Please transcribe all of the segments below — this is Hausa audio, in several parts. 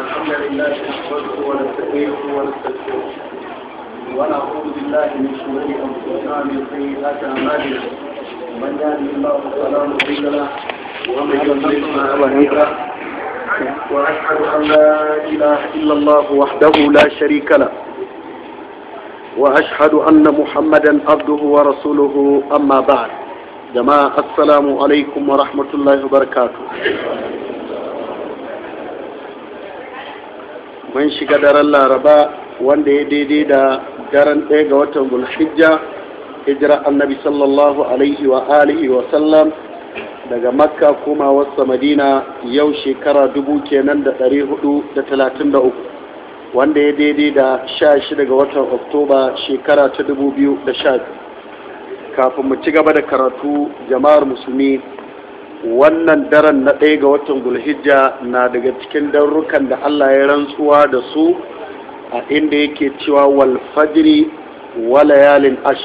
الحمد لله نحمده ونستعينه ونستغفره ونعوذ بالله من شرور انفسنا ومن سيئات اعمالنا من يهده الله فلا مضل له ومن يضلل فلا هادي واشهد ان لا اله الا الله وحده لا شريك له واشهد ان محمدا عبده ورسوله اما بعد جماعه السلام عليكم ورحمه الله وبركاته mun shiga daren laraba wanda ya daidai da daren ɗaya ga watan Gulhijja, hijira annabi sallallahu alaihi wa alihi wa sallam daga makka kuma wasa madina yau shekara dubu kenan da ɗari hudu da talatin da uku wanda ya daidai da sha shida ga watan oktoba shekara ta dubu biyu da sha kafin mu ci gaba da karatu jama'ar musulmi wannan daren na ɗaya ga watan gulhijja na daga cikin darrukan da allah ya rantsuwa da su a inda yake cewa wal fajri wa layalin ash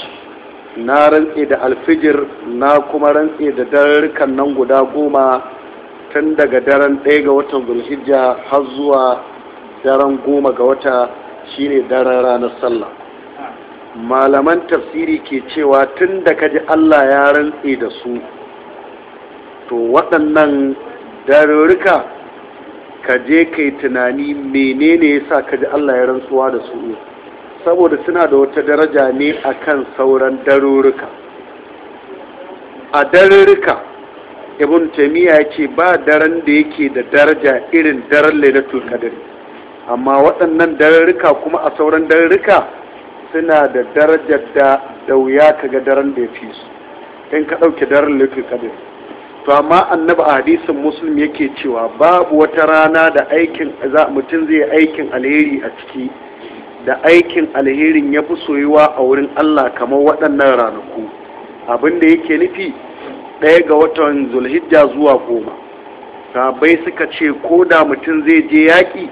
na rantse da alfijir na kuma rantse da darrukan nan guda goma tun daga daren ɗaya ga watan gulhijja har zuwa daren goma ga wata shine daren ranar sallah malaman tafsiri ke cewa tun da kaji allah ya rantse da su to waɗannan darurruka ka je kai tunani menene ya sa ka ji Allah ya rantsuwa da su saboda suna da wata daraja ne akan sauran darurruka a darurruka ibn taymiya ya ce ba daren da yake da daraja irin daren na qadr amma waɗannan darurruka kuma a sauran darurruka suna da darajar da da wuya kaga daren da ya fi su in ka ɗauke daren lailatul to amma annabi a hadisin muslim yake cewa babu wata rana da aikin mutum zai aikin alheri a ciki da aikin alherin ya fi soyuwa a wurin Allah kamar waɗannan ranaku abinda yake nufi ɗaya ga watan zulhijja zuwa goma sabai suka ce ko da mutum zai je yaƙi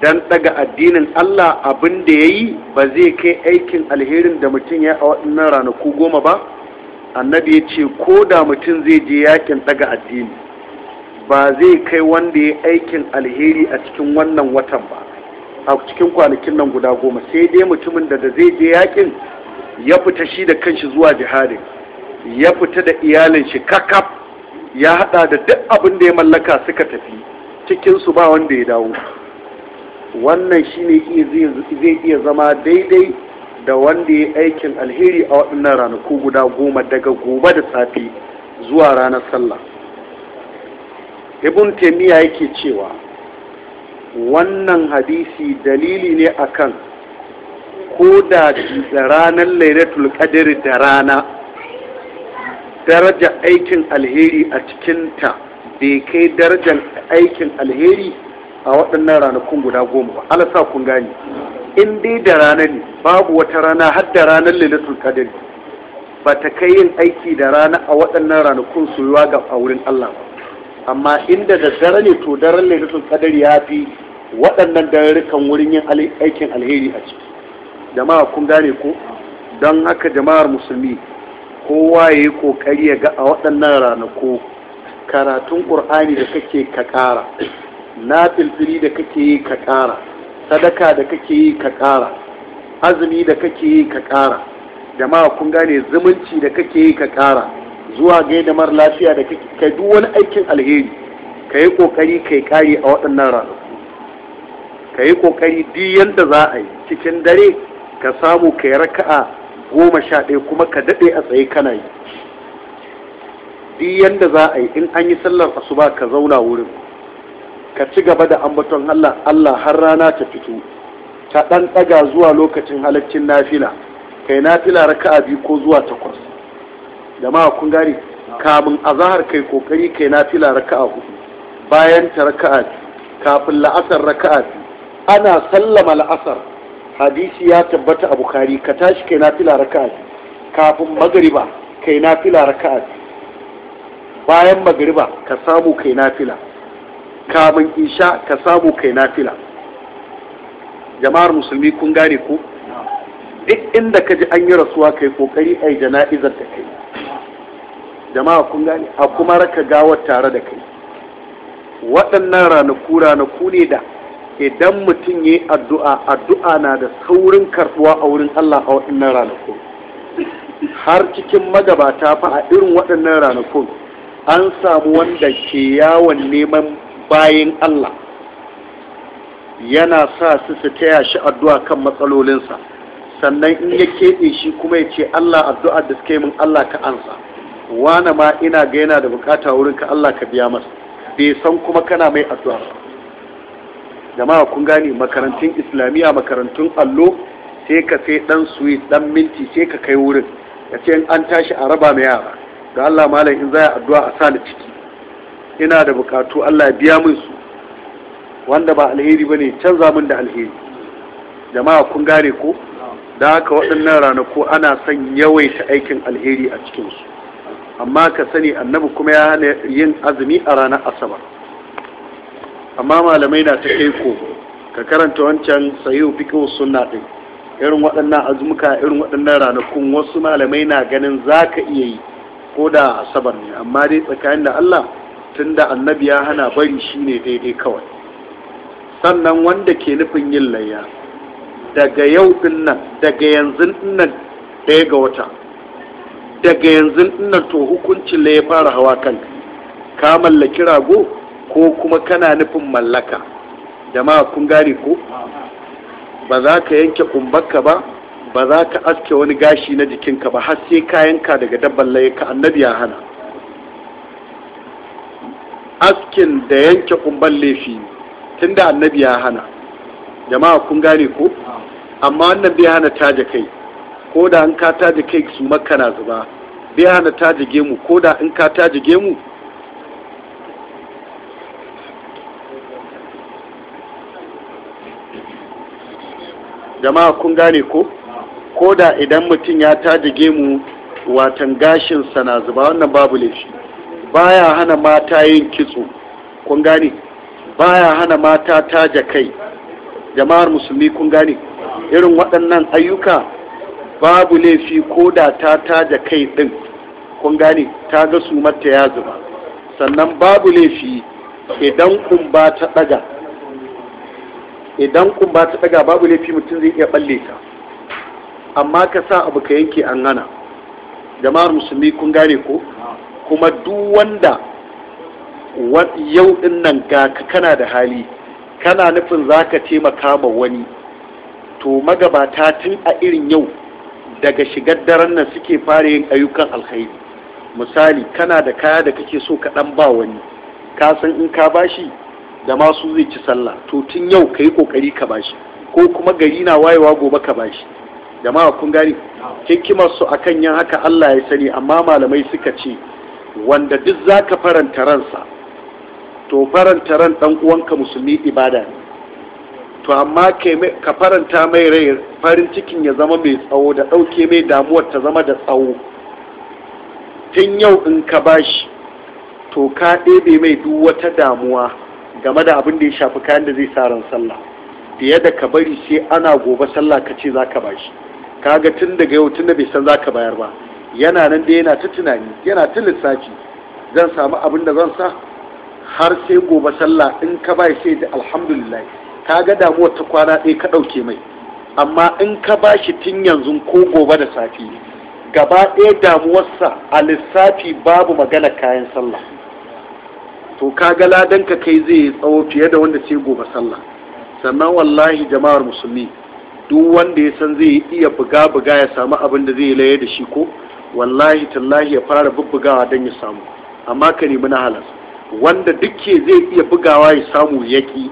dan ɗaga addinin Allah abinda ya yi ba zai kai aikin alherin da mutum ya a waɗannan ranaku goma ba annabi ya ce ko da mutum zai je yakin daga addini ba zai kai wanda ya aikin alheri a cikin wannan watan ba a cikin kwanakin nan guda goma sai dai mutumin da da zai je yakin ya fita shi da kanshi zuwa jihadin ya fita da iyalin shi kakaf ya hada da duk abin da ya mallaka suka tafi cikin su ba wanda ya dawo wannan shine zai iya zama daidai da wanda ya aikin alheri a waɗannan ranaku guda goma daga gobe da safe zuwa ranar sallah ibn taimiyya yake cewa wannan hadisi dalili ne akan ko da da ranar lailatul qadr da rana daraja aikin alheri a cikinta bai kai darajar aikin alheri a waɗannan ranakun guda goma ba alasa kun gani in dai da rana ne babu wata rana har da ranar lilitul qadr ba ta kai yin aiki da rana a waɗannan ranakun soyuwa ga a wurin Allah ba amma inda da dare ne to daren lilitul qadr ya fi waɗannan darurrukan wurin yin aikin alheri a ciki jama'a kun gane ko don haka jama'ar musulmi kowa ya yi kokari ya ga a waɗannan ranaku karatun ƙur'ani da kake ka ƙara na filfili da kake yi ka ƙara sadaka da kake yi ka ƙara azumi da kake yi ka ƙara jama'a kun gane zumunci da kake yi ka ƙara zuwa gaidamar da mara lafiya da kake kai duk wani aikin alheri ka yi ƙoƙari ka yi ƙari a waɗannan ranaku ka yi ƙoƙari duk yadda za a yi cikin dare ka samu ka yi raka'a goma sha ɗaya kuma ka daɗe a tsaye kana yi duk yadda za a yi in an yi sallar asuba ka zauna wurin ka ci gaba da ambaton Allah Allah har rana ta fito ta ɗan ɗaga zuwa lokacin halaccin nafila kai nafila raka'a biyu ko zuwa takwas Da ma kun gane kamun azahar kai kokari kai nafila raka'a hudu bayan ta raka'a kafin la'asar raka'a ana sallama la'asar hadisi ya tabbata a bukari ka tashi kai nafila raka'a kafin magariba kai nafila raka'a bayan magariba ka samu kai nafila kamun isha ka samu kai nafila jama'ar musulmi kun gane ku? duk inda ka ji an yi rasuwa kai kokari a yi jana'izar da kai jama'a kun gane a kuma raka gawar tare da kai waɗannan ranaku ranaku ne da idan mutum ya yi addu'a addu'a na da saurin karɓuwa a wurin Allah a waɗannan ranaku har cikin magabata fa a irin waɗannan ranakun an samu wanda ke yawon neman bayin Allah yana sa su su taya shi addu'a kan matsalolinsa sannan in ya keɓe shi kuma ya ce Allah addu'a da suke min Allah ka ansa wane ma ina ga yana da bukata wurin ka Allah ka biya masa bai san kuma kana mai addu'a jama'a kun gane makarantun islamiyya makarantun allo sai ka sai dan suwi dan minti sai ka kai wurin ka ce an tashi a raba mai yara ga Allah malam in za a addu'a a sa ciki ina da bukatu Allah biya min su wanda ba alheri bane canza min da alheri jama'a kun gane ko da haka waɗannan ranaku ana son yawaita aikin alheri a cikinsu amma ka sani annabi kuma ya hana yin azumi a ranar asabar amma malamai na ta kai ko ka karanta wancan sayo fiƙo sunna ɗin irin waɗannan azumuka irin waɗannan ranakun wasu malamai na ganin za ka iya yi ko da asabar ne amma dai tsakanin da allah tunda annabi ya hana bari shine daidai kawai sannan wanda ke nufin yin layya daga yau din daga yanzu nan ga wata daga yanzu nan to hukuncin la ya fara hawa kan, ka mallaki rago ko kuma kana nufin mallaka jama'a kun gane ko ba za ka yanke kumbarka ba ba za ka aske wani gashi na jikinka ba har sai ka yanka daga dabban annabi ya hana askin da yanke kumban laifi tun da annabi ya hana jama'a kun gane ko amma wannan bai hana taje kai ko da in ka taje kai su makka na zuba bai hana taje gemu ko da in ka taje gemu jama'a kun gane ko ko da idan mutum ya taje gemu watan gashin sana na zuba wannan babu laifi baya hana mata yin kitso kun gane baya hana mata taja kai jama'ar musulmi kun gane irin waɗannan ayyuka babu laifi ko da ta taja kai ɗin kun gane ta ga su mata ya zuba sannan babu laifi idan kumba ta ɗaga idan kumba ta ɗaga babu laifi mutum zai iya ɓalle ta amma ka sa abu ka yanke an hana jama'ar musulmi kun gane ko kuma duk wanda yau din nan ka kana da hali kana nufin za ka taimaka ma wani to magabata tun a irin yau daga shigar daren nan suke fara yin ayyukan alkhairi misali kana da kaya da kake so ka dan ba wani ka san in ka bashi da masu zai ci sallah to tun yau ka yi kokari ka bashi ko kuma gari na wayewa gobe ka bashi jama'a kun gari hikimar su akan yin haka Allah ya sani amma malamai suka ce wanda duk za ka faranta ransa to faranta ran ɗan uwanka musulmi ibada ne to amma ka faranta mai rai farin cikin ya zama mai tsawo da ɗauke mai damuwar ta zama da tsawo tun yau in ka bashi to ka ɗebe mai duk wata damuwa game da abin da ya shafi kayan da zai sa ran sallah fiye da ka bari sai ana gobe sallah ka ce za ka bashi kaga tun daga yau tun da bai san za ka bayar ba yana nan da yana ta tunani yana ta lissafi zan samu abin da zan sa har sai gobe sallah in ka bai sai da alhamdulillah ka ga damuwar ta kwana ɗaya ka ɗauke mai amma in ka ba shi tun yanzu ko gobe da safi gaba ɗaya damuwarsa a lissafi babu magana kayan sallah to ka ga ladan ka kai zai yi tsawo fiye da wanda sai gobe sallah sannan wallahi jama'ar musulmi duk wanda ya san zai iya buga buga ya samu abin da zai laye da shi ko wallahi tallahi ya fara bubbugawa don ya samu amma ka nemi na halas wanda dukke zai iya bugawa ya samu yaki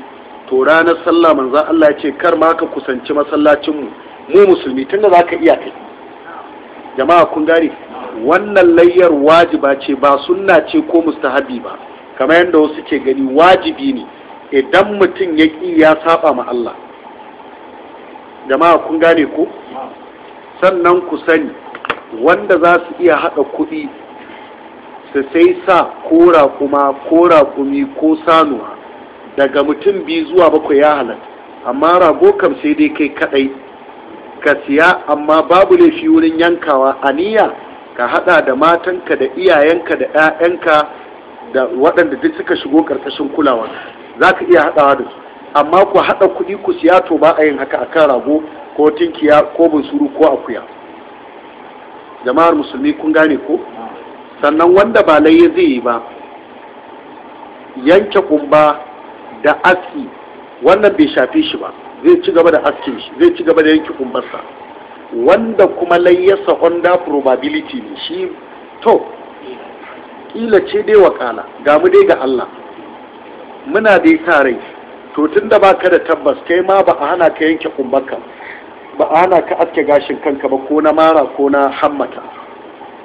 to ranar sallah manzo Allah ya ce kar ma ka kusanci masallacin mu mu musulmi tunda ka iya kai jama'a kun gane wannan layyar wajiba ce ba sunna ce ko mustahabi ba kamar yadda wasu ke gani wajibi ne idan mutum ya ƙi ya saba ma Allah jama'a kun gane ko sannan ku sani wanda za su iya haɗa kuɗi su sai sa kora kuma kora kumi ko sanuwa daga mutum biyu zuwa bakwai ya halatta amma rago kam sai dai kai kaɗai ka siya amma babu laifi wurin yankawa a niyya ka haɗa da matanka da iyayenka da 'ya'yanka da waɗanda duk suka shigo ƙarƙashin kulawa za ka iya haɗawa da su amma ku haɗa kuɗi ku siya to ba a yin haka akan rago ko tinkiya ko bunsuru ko akuya jama'ar musulmi kun gane ko sannan wanda ba laye zai yi ba yanke kumba da aski wannan bai shafi shi ba zai ci gaba da askin shi zai ci gaba da yanke kumbarsa wanda kuma layyasa under probability ne shi to kila ce dai wakala ga mu dai ga Allah muna dai sa rai to tunda baka da tabbas kai ma ba a hana ka yanke kumbarka ba ana ka aske gashin kanka ba ko na mara ko na hammata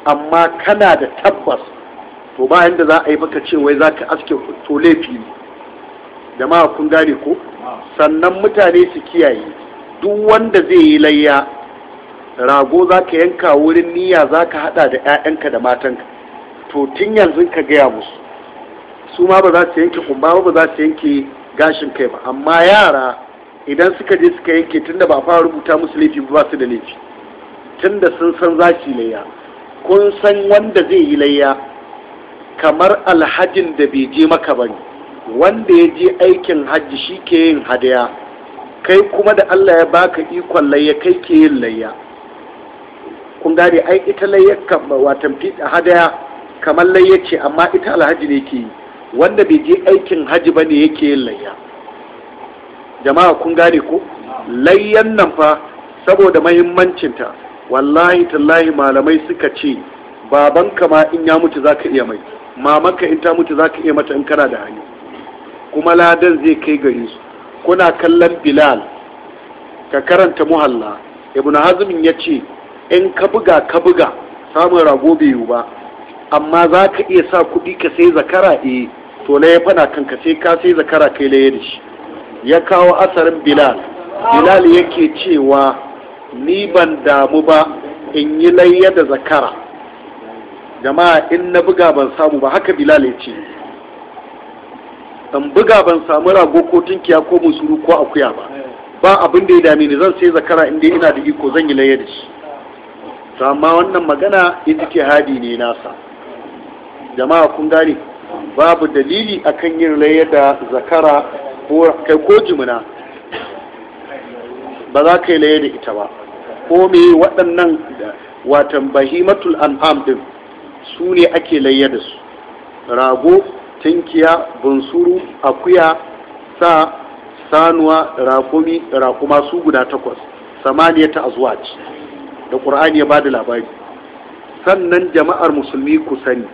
amma kana da tabbas to ba yanda za a yi maka cewa wai za ka aske to laifi ne jama'a kun gane ko sannan mutane su kiyaye duk wanda zai yi layya rago za ka yanka wurin niyya za ka hada da 'ya'yanka da matanka to tun yanzu ka gaya musu su ma ba za su yanke kumba ba za su yanke gashin kai ba amma yara idan suka je suka yanke tunda ba fara rubuta musu laifi ba su da laifi tunda sun san za su layya kun san wanda zai yi layya kamar alhajin da bai je maka ba ne, wanda ya je aikin hajji shi ke yin hadaya kai kuma da Allah ya baka ikon layya kai ke yin layya kun gane ai ita layya watan hadaya kamar layya ce amma ita alhaji ne ke yi wanda bai je aikin hajji ba ne yake yin layya jama'a kun gane ko layyan nan fa saboda mahimmancinta wallahi tallahi malamai suka ce babanka ma in ya mutu za ka iya mai mamanka in ta mutu za ka iya mata in kana da hanyar kuma ladan zai kai gari su kuna kallon bilal ka karanta muhalla ibn hazmin ya ce in ka buga ka buga samun rago bai yiwu ba amma za ka iya sa kuɗi ka sai zakara eh to na ya fana kanka sai ka sai zakara kai laye da shi ya kawo asarin bilal bilal yake cewa ni ban damu ba in yi layya da zakara jama'a in na buga ban samu ba haka bilal ya ce in buga ban samu rago ko tunkiya ko musuru ko akuya ba ba abin da ya dame ni zan sai zakara inda ina da iko zan yi layya da shi amma wannan magana ita hadi ne nasa jama'a kun gane babu dalili akan yin layya da zakara kai ko jimina ba za ka yi laye da ita ba ko me waɗannan watan bahimatul an'am din su ne ake laye da su rago tinkiya bunsuru akuya sa sanuwa rakumi rakuma su guda takwas samaniya ta azwaj da ƙur'ani ya ba da labari sannan jama'ar musulmi ku sani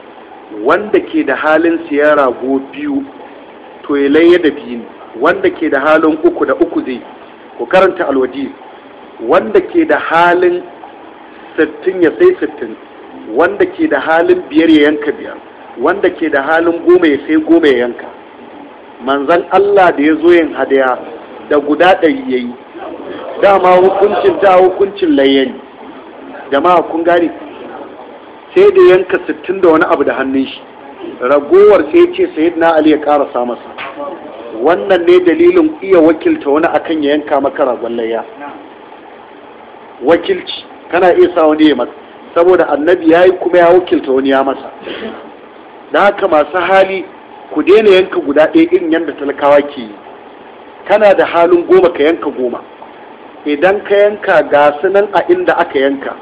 wanda ke da halin siya rago biyu to ya laye da biyu wanda ke da halin uku da uku zai ku karanta alwaji wanda ke da halin sittin ya sai sittin wanda ke da halin biyar ya yanka biyar wanda ke da halin goma ya sai goma ya yanka manzan Allah da ya zo yin hadaya da guda ɗari ya yi dama hukuncin da hukuncin layen jama'a kun gane sai da yanka sittin da wani abu da hannun shi ragowar sai ce sayid na ali ya karasa masa wannan ne dalilin iya wakilta wani akan ya yanka maka ragon layya wakilci kana iya sa wani ya masa saboda annabi ya yi kuma ya wakilta wani ya masa da haka masu hali ku daina yanka guda ɗaya irin yadda talakawa ke yi kana da halin goma ka yanka goma idan ka yanka ga nan a inda aka yanka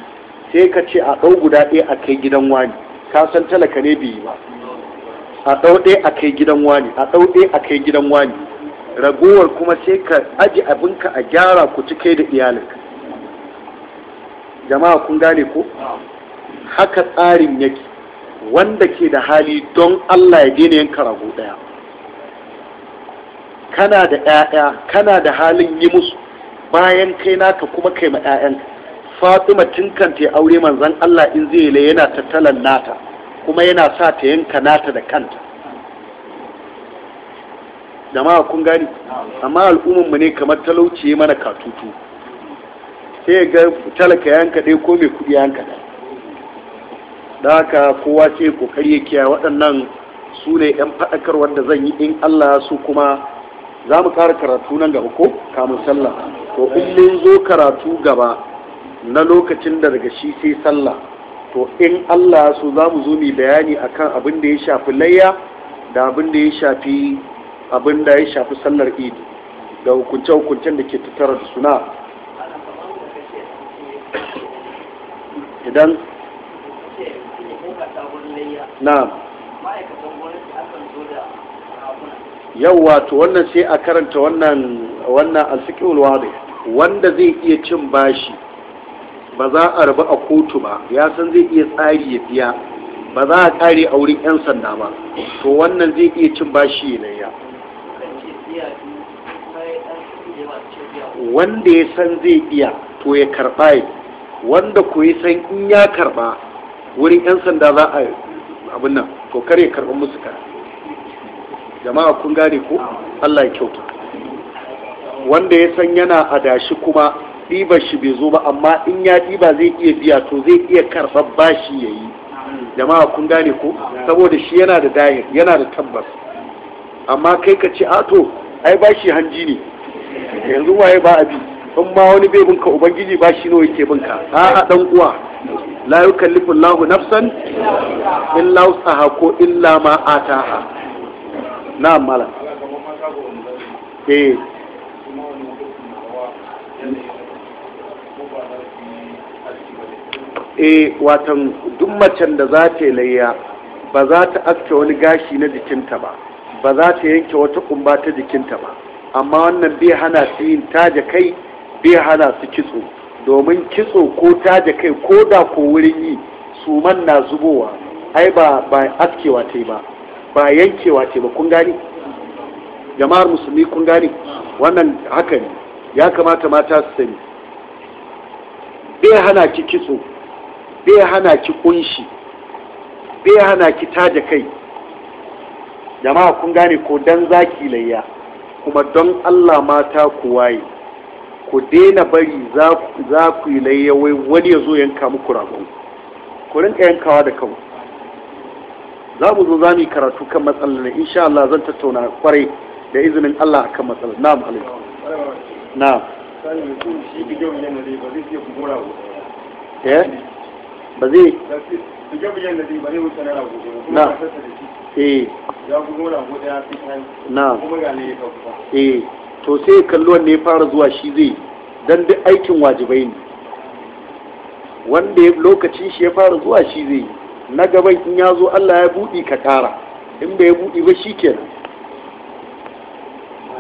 sai ka ce a ɗau guda ɗaya a kai gidan wani ka san talaka ne bai yi ba a ɗauɗe a kai gidan wani a ɗauɗe a kai gidan wani ragowar kuma sai ka aji abinka a gyara ku ci da iyalinka jama'a kun gane ko haka tsarin yake wanda ke da hali don Allah ya daina yanka rago ɗaya kana da ‘ya'ya kana da halin yi musu bayan kai naka kuma kai ma ‘ya'yanka fatima tun kan ta aure manzan Allah in zai yi yana tattalan nata kuma yana sa ta yanka nata da kanta jama'a kun gani amma al'ummanmu ne kamar talauci mana katutu sai ga talaka yanka ɗaya ko mai kuɗi yanka ɗaya da haka kowa ce kokari ya kiyaye waɗannan su ne 'yan faɗakar wanda zan yi in Allah su kuma za mu ƙara karatu nan gaba ko kamun sallah to in mun zo karatu gaba na lokacin da daga shi sai sallah to in Allah su za mu zo mu bayani akan abin da ya shafi layya da abin da ya shafi abin da ya shafi sallar Eid da hukunce-hukuncen da ke tattara da suna idan na yau wato wannan sai a karanta wannan wannan alfikin wanda zai iya cin bashi ba za a rabu a kotu ba ya san zai iya tsari ya biya ba za a kare a wurin 'yan sanda ba to wannan zai iya cin bashi ne ya wanda ya san zai iya to ya karɓa ya wanda ku yi san in ya karɓa wurin 'yan sanda za a abin nan to kar ya karɓa musu kara jama'a kun gane ko allah ya kyauta wanda ya san yana adashi kuma ɗibar shi bai zo ba amma in ya ba zai iya biya to zai iya karɓar bashi ya yi jama'a kun gane ko saboda shi yana da dayar yana da tabbas amma kai ka ce ato ai bashi hanji ne yanzu waye ba bi? in ma wani bai binka ubangiji bashi nawa yake binka a'a dan uwa la yukallifu Allahu nafsan illa wusaha ko illa ma ataha na malam eh eh watan duk macen da za ta yi layya ba za ta aske wani gashi na jikinta ba ba za ta yanke wata kumba ta jikinta ba amma wannan bai hana su yin taja kai bai hana su kitso domin kitso ko taja kai ko da ko wurin yi su man na zubowa ai ba ba askewa ta ba ba yankewa ta ba kun gani jama'ar musulmi kun gani wannan haka ne ya kamata mata su sani bai hana ki kitso bai hana ki kunshi bai hana ki taje kai jama'a kun gane ko dan zaki layya kuma don Allah mata ku waye ku daina bari za ku yi layya wai wani ya zo yanka muku ragon ku rinka yankawa da kanku za mu zo za mu yi karatu kan matsalar ne insha Allah zan tattauna kwarai da izinin Allah akan matsalar na'am alaikum na'am eh ba zai na eh na eh to sai kallo ne fara zuwa shi zai dan duk aikin wajibai ne wanda lokacin shi ya fara zuwa shi zai na gaban in ya zo Allah ya buɗi ka tara, in bai buɗi ba shi kenan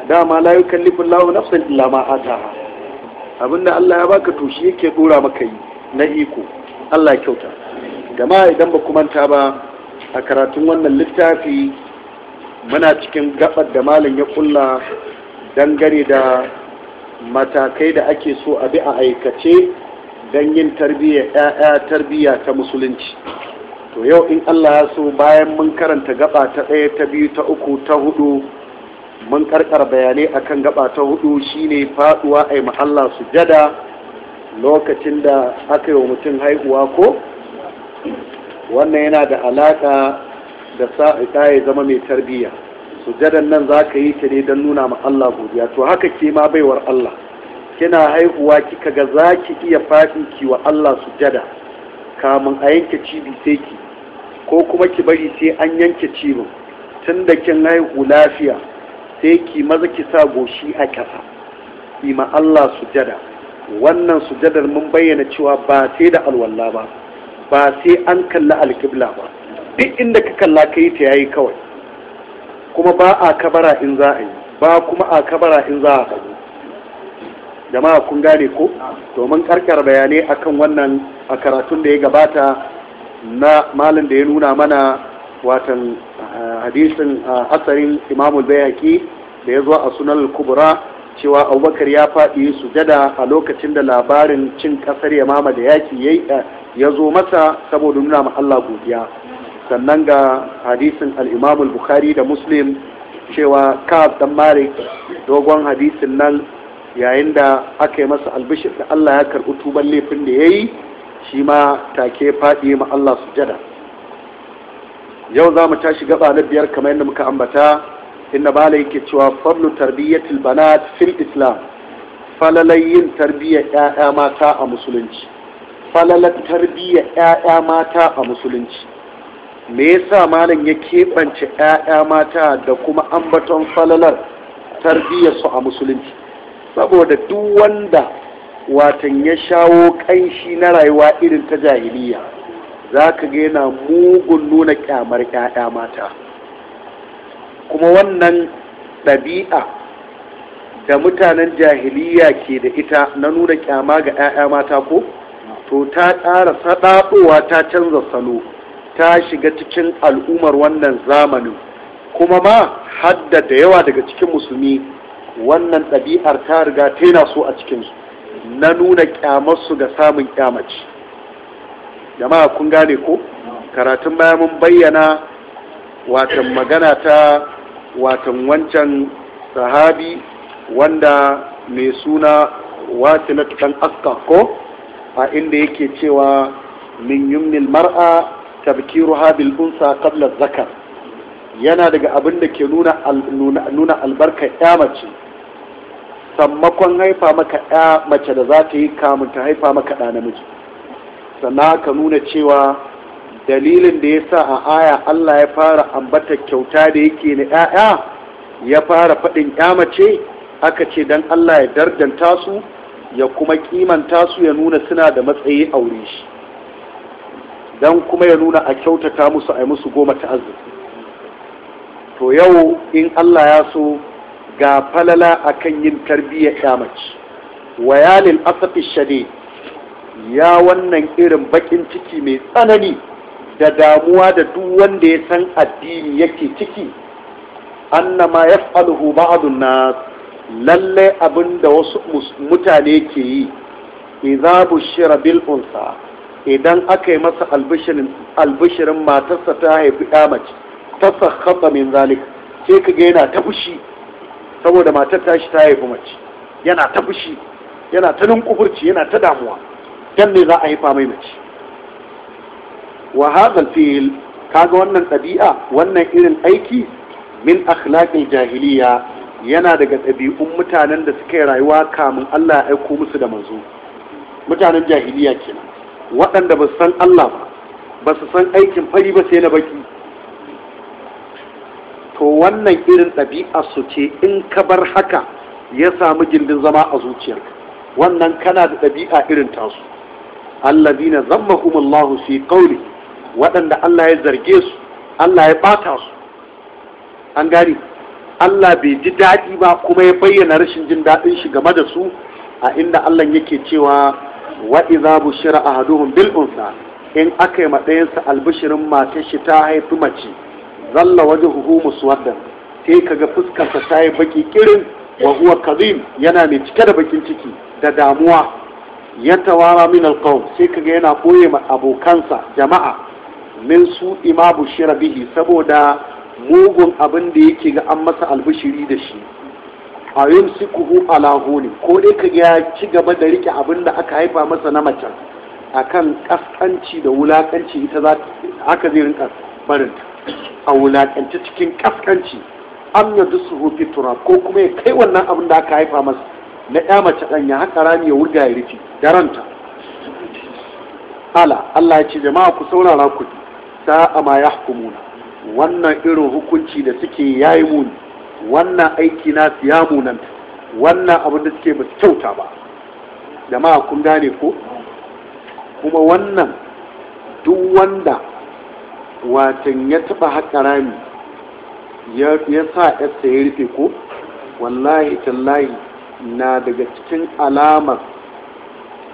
dama la yukallifu Allahu nafsan illa ma ataha abinda Allah ya baka to shi yake ɗora maka yi na iko Allah kyauta gama idan ba manta ba a karatun wannan littafi muna cikin gabar da malin ya kulla dangare da matakai da ake so a bi a aikace don yin tarbiyyar 'ya'ya tarbiyya ta musulunci to yau in Allah ya so bayan mun karanta gaba ta ɗaya ta biyu ta uku ta hudu mun karkar bayanai akan gaba ta hudu shine faduwa ai ma Allah su jada. lokacin da aka yi wa mutum haihuwa ko wannan yana da alaƙa da sa'a ya zama mai tarbiyya sujadan nan za ka yi ta ne don nuna ma Allah godiya to haka ke ma baiwar Allah kina haihuwa kika ga za ki iya faɗi ki wa Allah sujada kamun a yanke cibi sai ki ko kuma ki bari sai an yanke cibin tun da kin haihu lafiya sai ki maza ki sa goshi a ƙasa ki ma Allah sujada wannan sujadar mun bayyana cewa ba sai da alwalla ba ba sai an kalla alkibla ba duk inda ka kalla ka yi ta yayi kawai kuma ba a kabara in za a yi ba kuma a kabara in za a kabu jama'a kun gane ko domin karkar bayanai akan wannan a karatun da ya gabata na malin da ya nuna mana watan eh, hadisin eh, asarin imamul bayaki da ya zo a sunan kubra cewa abubakar ya faɗi su sujada a lokacin da labarin cin ƙasar yamama da yaƙi ya eh, zo masa saboda nuna ma Allah godiya sannan ga hadisin alimamul bukhari da muslim cewa ka dan mari dogon hadisin nan yayin da aka yi masa albishir da Allah ya karɓi tuban laifin da ya yi shi ma take faɗi ma Allah su jada. yau za mu tashi gaba na biyar kamar yadda muka ambata inda bala yake cewa fadlu tarbiyyatul banat fil islam falalai yin tarbiyyar ƴaƴa mata a musulunci falalar tarbiyyar ƴaƴa mata a musulunci me yasa malam ya keɓance ƴaƴa mata da kuma ambaton falalar tarbiyyar su a musulunci saboda duk wanda watan ya shawo ƙanshi na rayuwa irin ta jahiliya za ka ga yana mugun nuna ƙyamar ƴaƴa mata kuma wannan ɗabi'a da mutanen jahiliya ke da ita na nuna kyama ga 'ya'ya mata ko to ta ƙara saɗaɗowa ta canza salo ta shiga cikin al'ummar wannan zamanin kuma ma hadda da yawa daga cikin musulmi wannan ɗabi'ar ta riga ta yi so a cikinsu na nuna kyamarsu ga samun kyamaci jama'a kun gane ko karatun baya mun bayyana watan magana ta watan wancan sahabi wanda mai suna wasilatu dan aska ko a inda yake cewa min yumnil mar'a tabkiru habil unsa qabla zakar yana daga abin da ke nuna albarka ya mace sammakon haifa maka ya mace da za ta yi kamun ta haifa maka ɗa namiji sannan ka nuna cewa dalilin da ya sa a aya Allah ya fara ambata kyauta da yake na ‘ya'ya ya fara faɗin mace aka ce don Allah ya dardanta su ya kuma ƙimanta su ya nuna suna da matsayi aure shi don kuma ya nuna a kyautata musu a musu goma ta arziki to yau in Allah ya so ga falala akan yin tarbiyyar mace wayalin asafi shade ya wannan irin bakin ciki mai tsanani da damuwa da duk wanda ya san addini yake ciki annama yaf'aluhu ba'dun nas lalle abinda wasu mutane ke yi idza bushira bil unsa idan aka yi masa albishirin albishirin matarsa ta haifi ya mace ta sakhata min zalika sai ka ga yana ta fushi saboda matar ta shi ta haifi mace yana ta fushi yana ta ninkufurci yana ta damuwa dan ne za a haifa mai mace wa hadha al kaga wannan ɗabi'a wannan irin aiki min akhlaqil jahiliya yana daga ɗabi'un mutanen da suka rayuwa kamun Allah ya aiko musu da manzo mutanen jahiliya kenan waɗanda ba su san Allah ba ba su san aikin fari ba sai na baki to wannan irin ɗabi'a su ce in ka bar haka ya samu gindin zama a zuciyarka wannan kana da ɗabi'a irin tasu allazina zammahumullahu fi qawlihi waɗanda Allah ya zarge su Allah ya ɓata su an gani Allah bai ji daɗi ba kuma ya bayyana rashin jin daɗin shi game da su a inda Allah yake cewa wa bu bushira ahaduhum bil unsa in aka yi matsayinsa albishirin matar shi ta haifi mace zalla wajhuhu muswaddan sai kaga fuskarsa ta yi baki ƙirin, wa huwa kazim yana mai cike da bakin ciki da damuwa ya tawara min sai kaga yana boye ma abokansa jama'a min su bushira bihi saboda mugun abin da yake ga an masa albishiri da shi a yin alahu alahuni ko dai ka ya ci gaba da rike abin da aka haifa masa na macen kan kaskanci da wulakanci ita za aka zai rinka barin a wulakanci cikin kaskanci an ya dusu fi ko kuma ya kai wannan abin da aka haifa masa na ya mace ɗan ya haka rami ya wurga ya rufe daranta ala Allah ya ce jama'a ku saurara ku sa'a ma hukumuna wannan irin hukunci da suke yayi muni wannan aiki na siyamu nan wannan abin da suke ba su kyauta ba jama'a kun gane ko kuma wannan duk wanda watan ya taba haƙa rami ya sa yarsa ya rufe ko wallahi tallahi na daga cikin alamar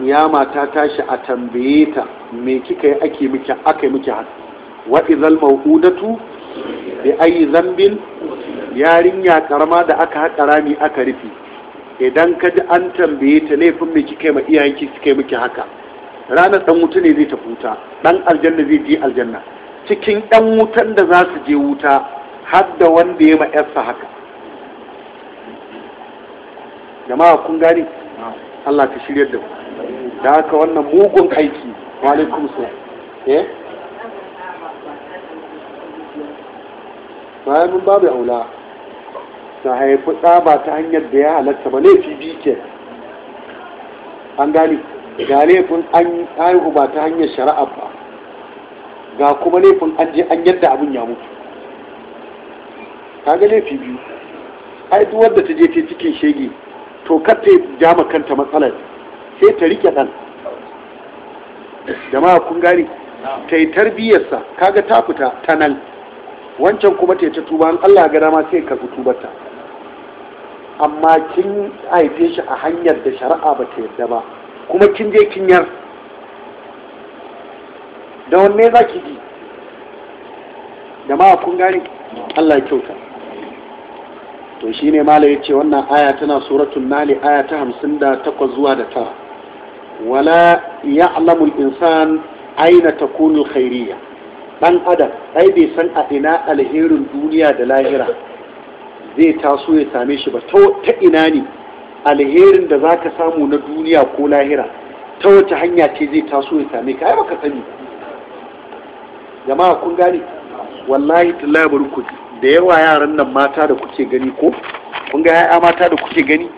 ya mata tashi a tambaye ta me kika yi ake miki aka miki haka wa izal mawudatu bi ayi zambin yarinya karama da aka haƙa rami aka rufe idan ka ji an tambaye ta laifin me kike ma iyayenki suke miki haka ranar dan wuta ne zai tafi wuta dan aljanna zai je aljanna cikin dan wutan da za su je wuta har da wanda ya ma yarsa haka jama'a kun gani Allah ta shirya da ku da haka wannan mugun aiki wa alaikum salam eh bayan mun babu aula na haifi tsaba ta hanyar da ya halatta ba laifi biyu ke an gani ga laifin an haihu ba ta hanyar shari'a ba ga kuma laifin an je an yadda abin ya mutu kaga laifi biyu ai duk wanda ta je ta cikin shege to kar ta jama kanta matsalar sai ta rike ɗan jama'a kun gani ta yi tarbiyyarsa kaga ta fita ta nan wancan kuma ta ta tuba in Allah ga dama sai ka karɓi tubarta amma kin haife shi a hanyar da shari'a ba ta yarda ba kuma kin je kin yar da wanne za ki ji jama'a kun gane Allah ya kyauta to shi shine ya ce wannan aya tana suratun nali aya ta hamsin da takwas zuwa da tara wala ya'lamu al-insan aina ta takunu khairiyya ɗan adam ai bai san a ina alherin duniya da lahira zai taso ya same shi ba ta ina ne alherin da za ka samu na duniya ko lahira ta wata hanya ce zai taso ya same ka ai baka sani jama'a kun gane wallahi tallahi ku da yawa yaran nan mata da kuke gani ko kun ga ya'ya mata da kuke gani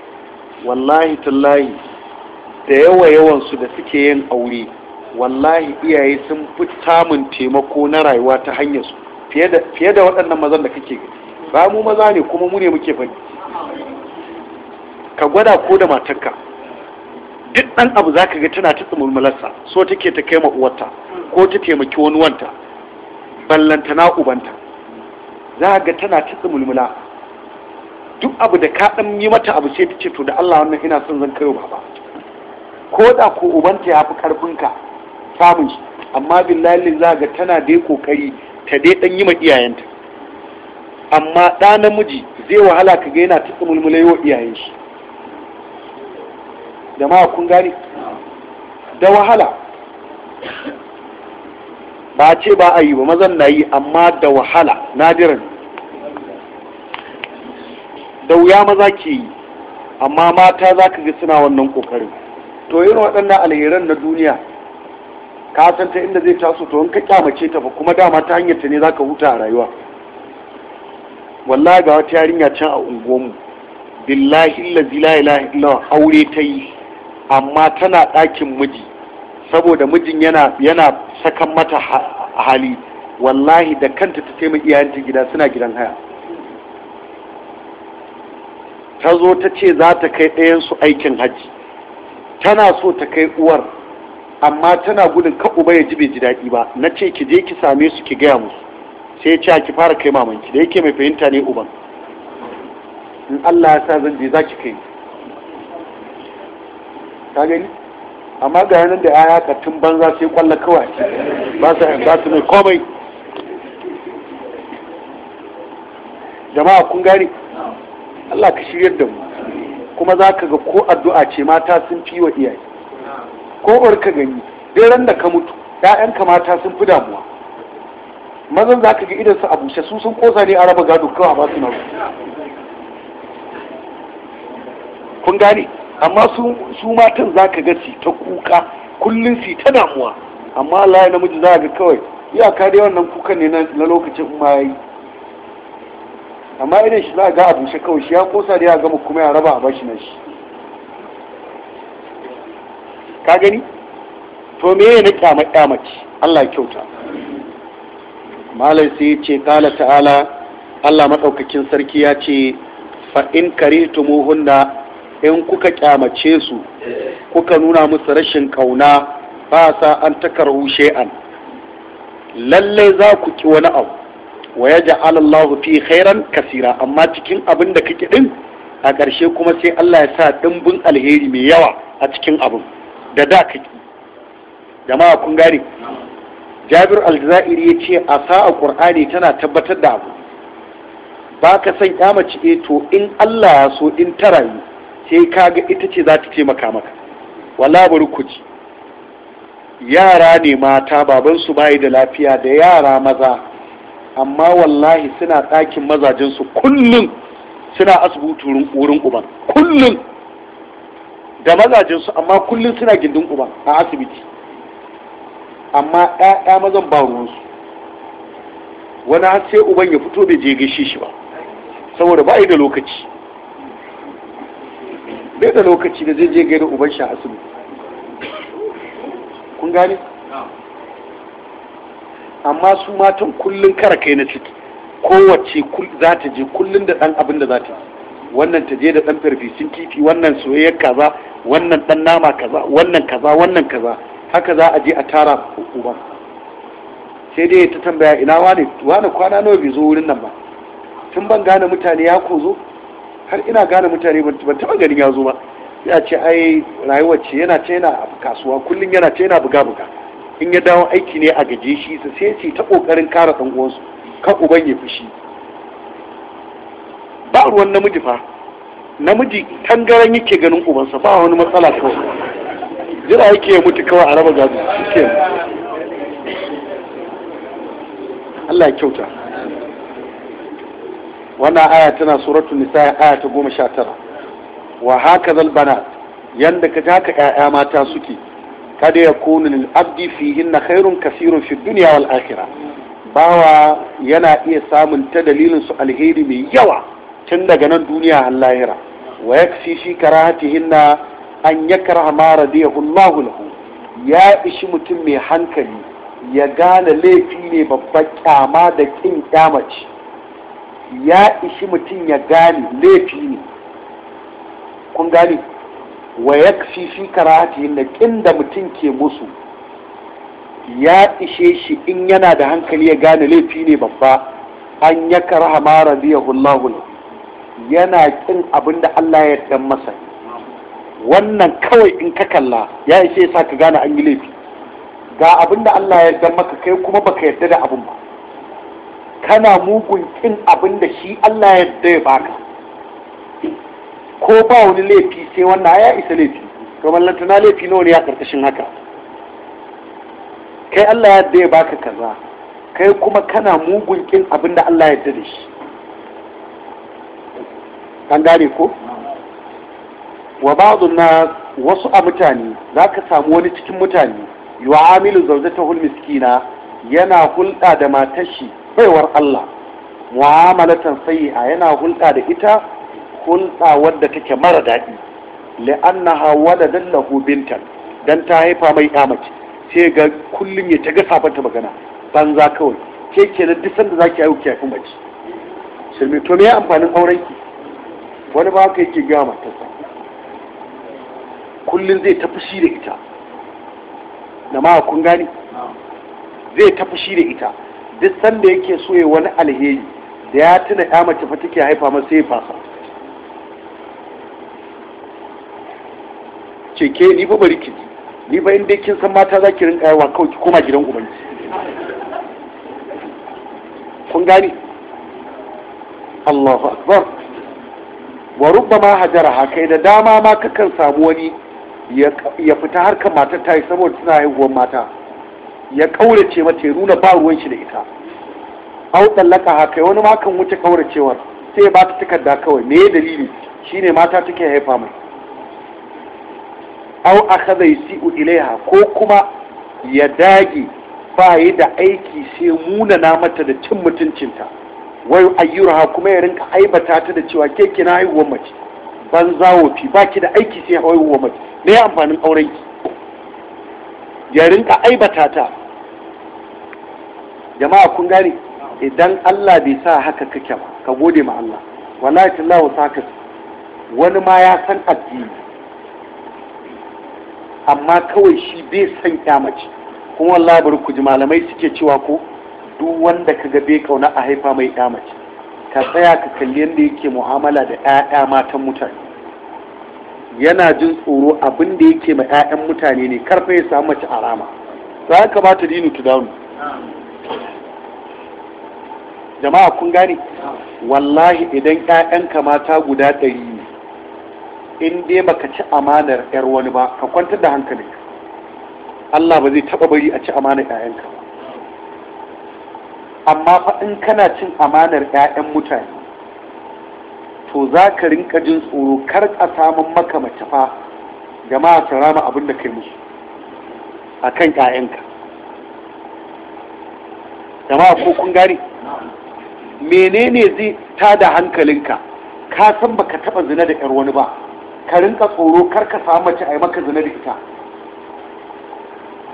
wallahi tallahi da yawa yawan su da suke yin aure wallahi iyaye sun fi samun taimako na rayuwa ta hanyar su fiye da waɗannan mazan da kake gani ba mu maza ne kuma mu ne muke bari ka gwada ko da matarka duk ɗan abu za ka ga tana ta tsumulmularsa so take ta kai uwarta ko ta taimaki wani wanta ballanta na ubanta za ga tana ta tsumulmula duk abu da ka ɗan yi mata abu sai ta ce to da Allah wannan ina son zan kayo baba ko da ko ubanta ya fi ƙarfinka samun shi amma billahi za ga tana dai kokari ta dai dan yi ma iyayenta amma ɗa namiji zai wahala ka ga yana ta mulmulai wa iyayen shi jama'a kun gane da wahala ba ce ba a yi ba mazan na yi amma da wahala nadiran da wuya maza ke yi amma mata za ka ga suna wannan kokarin to irin waɗannan alheran na duniya ka san ta inda zai taso to in ka kyamace ta fa kuma dama ta hanyar ta ne zaka huta a rayuwa wallahi ga wata yarinya can a unguwarmu billahi lazi la ilaha illa aure ta yi amma tana ɗakin miji saboda mijin yana yana sakan mata hali wallahi da kanta ta taimaki iyayenta gida suna gidan haya ta zo ta ce za ta kai ɗayansu aikin hajji tana so ta kai uwar amma tana gudun ka uba ya ji bai ji daɗi ba na ce ki je ki same su ki gaya musu sai ya ki fara kai mamanki da yake mai fahimta ne uban in Allah ya sa zan je za ki kai ka gani amma ga yanar da ya kattun banza sai kwalla kawai ba su ba su mai komai jama'a kun gane Allah ka shiryar da mu kuma za ka ga ko addu'a ce mata sun fi wa iyaye ko bar ka gani dai ran da ka mutu ƴaƴan ka mata sun fi damuwa mazan za ka ga idan su a bushe su sun kosa ne a raba gado kawai ba su na kun gane amma su matan za ka ga su ta kuka kullum su ta damuwa amma Allah ya namiji za ga kawai iyaka dai wannan kuka ne na lokacin ma yayi amma idan shi za ga a shi kawai shi ya kosa da ya gama kuma ya raba a bashi na shi ka gani to me na kyamar kyamaci Allah kyauta malai sai ce kala ta'ala Allah madaukakin sarki ya ce fa in karihtumuhunna in kuka kyamace su kuka nuna musu rashin kauna ba sa an takarhu shay'an lalle za ku ki wani abu wa yaj'al Allahu fi khairan kasira amma cikin abin da kake din a ƙarshe kuma sai Allah ya sa dimbin alheri mai yawa a cikin abin da da kaki jama'a kun gane jabir aljazairi ya ce a sa'a ƙur'ani tana tabbatar da abu ba ka san ya mace e to in allah ya so in ta rayu sai ka ga ita ce za ta taimaka maka wala bari ku ci yara ne mata babansu bayi da lafiya da yara maza amma wallahi suna ɗakin mazajensu kullum suna asibitin wurin uban kullum da mazajinsu amma kullum suna gindin uba a asibiti amma ɗaya mazan ba ruwansu wani har sai uban ya fito bai je gaishe shi ba saboda ba da lokaci bai da lokaci da zai je gaida uban shi a asibiti kun gane amma su matan kullum kara kai na ciki kowace za ta je kullum da ɗan abin da za ta yi wannan ta je da ɗan farfisin titi wannan soyayyar kaza wannan ɗan nama kaza wannan kaza wannan kaza haka za a je a tara uban sai dai ta tambaya ina wane wane kwana nawa bai zo wurin nan ba tun ban gane mutane ya ko zo har ina gane mutane ban taɓa ganin ya zo ba sai a ce ai rayuwar ce yana ce yana kasuwa kullum yana ce yana buga buga in ya dawo aiki ne a gaje shi sai ce ta kokarin kara ɗan uwansu kan uban ya fushi ba ruwan namiji fa namiji tangaran yake ganin ubansa ba wani matsala kawai jira yake ya mutu kawai a raba gado shi Allah ya kyauta wannan aya tana suratul nisa aya ta goma sha tara wa haka zalbana yanda ka ka ƴaƴa mata suke kada ya kunu lil abdi hinna khairun kasirun fi dunya wal akhirah bawa yana iya samun ta dalilin su alheri mai yawa tun daga nan duniya an lahira wa kara fi karahatihinna an yakraha ma radiyahu Allahu lahu ya ishi mutum mai hankali ya gane laifi ne babban kyama da kin kyamaci ya ishi mutum ya gane laifi ne kun gane wa kara fi karahatihinna kin da mutum ke musu ya ishe shi in yana da hankali ya gane laifi ne babba an ya karaha ma radiyallahu lahu yana kin abin da Allah ya yarda masa wannan kawai in ka kalla ya ishe sa ka gane an yi laifi ga abin da Allah ya yarda maka kai kuma baka yarda da abin ba kana mugun kin abin da shi Allah ya yarda ya baka ko ba wani laifi sai wannan ya isa laifi to mallantana laifi nawa ne ya karkashin haka kai Allah ya yarda ya baka kaza kai kuma kana mugun kin abin da Allah ya yarda da shi an gane ko wa ba'dun na wasu a mutane zaka samu wani cikin mutane yu'amilu zawjatahu miskina yana hulɗa da matashi baiwar Allah mu'amalatan sayyi'a yana hulɗa da ita hulɗa wadda take mara daɗi hawa da lahu bintan dan ta haifa mai ya mace sai ga kullum ya ta gasa bata magana banza kawai ke kenan duk sanda zaki haihu ki kuma mace shirme to me amfanin aurenki wani ba ka yake ta sa kullum zai tafi shi da ita da ma kun gani zai tafi shi da ita duk sanda yake so ya wani alheri da ya tuna ya mace fa take haifa masu ya fasa Keke ni fa bari ki ni fa inda kin san mata za ki rinka yawa kawai ki koma gidan ubanci kun gani Allahu akbar wa rubbama hajara kai da dama ma kakan samu wani ya fita harkar matar tayi saboda suna haihuwar mata ya kaurace mata ya nuna ba ruwan shi da ita au tsallaka haka wani ma kan wuce kauracewar sai ya bata takarda kawai me dalili shine mata take haifa mai au akhadha yusi'u ilaiha ko kuma ya dage ba yi da aiki sai munana mata da cin mutuncinta wai ayyuraha kuma ya rinka aibata ta da cewa ke kina haihuwar mace ban zawo fi ba ki da aiki sai haihuwar mace me ya amfanin auren ki ya rinka aibata ta jama'a kun gane idan Allah bai sa haka kake ba ka gode ma Allah wallahi tallahu saka wani ma ya san addini amma kawai shi bai san ya mace kuma wallahi bari ku ji malamai suke cewa ko duk wanda ka ga bai kauna a haifa mai ɗa mace ka tsaya ka kalli yadda yake mu'amala da 'ya'ya matan mutane yana jin tsoro abin da yake ma 'ya'yan mutane ne karfa ya samu mace a rama za ka ba ta dinu tu jama'a kun gane wallahi idan 'ya'yanka mata guda ɗari ne in dai baka ci amanar 'yar wani ba ka kwantar da hankali. Allah ba zai taɓa bari a ci amanar 'ya'yanka amma fa in kana cin amanar 'ya'yan mutane to za ka rinka jin tsoro kar a samun maka mace fa jama'a su rama abin da kai musu a kan 'ya'yanka jama'a ko kun gane menene zai ta da hankalinka ka san baka taba zina da yar wani ba ka rinka tsoro kar ka samu mace a yi maka zina da ita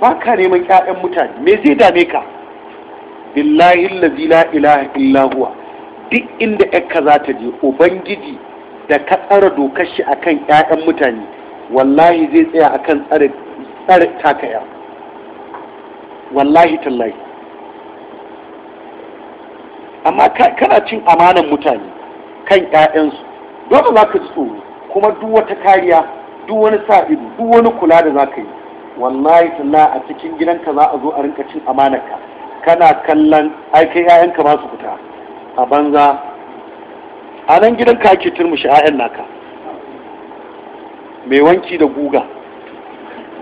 ba ka neman 'ya'yan mutane me zai dame ka billahi allazi la ilaha illa huwa duk inda ƴakka za ta je ubangiji da ka tsara dokar shi akan ƴaƴan mutane wallahi zai tsaya akan tsare tsare taka ƴa wallahi tallahi amma kana cin amanan mutane kan ƴaƴansu dole za ka ji tsoro kuma duk wata kariya duk wani sa ido duk wani kula da za ka yi wallahi tallahi a cikin gidanka za a zo a rinka cin amanarka kana kallon aikin 'ya'yanka ba su fita a banza a nan gidan ka ake turmushi 'ya'yan naka mai wanki da guga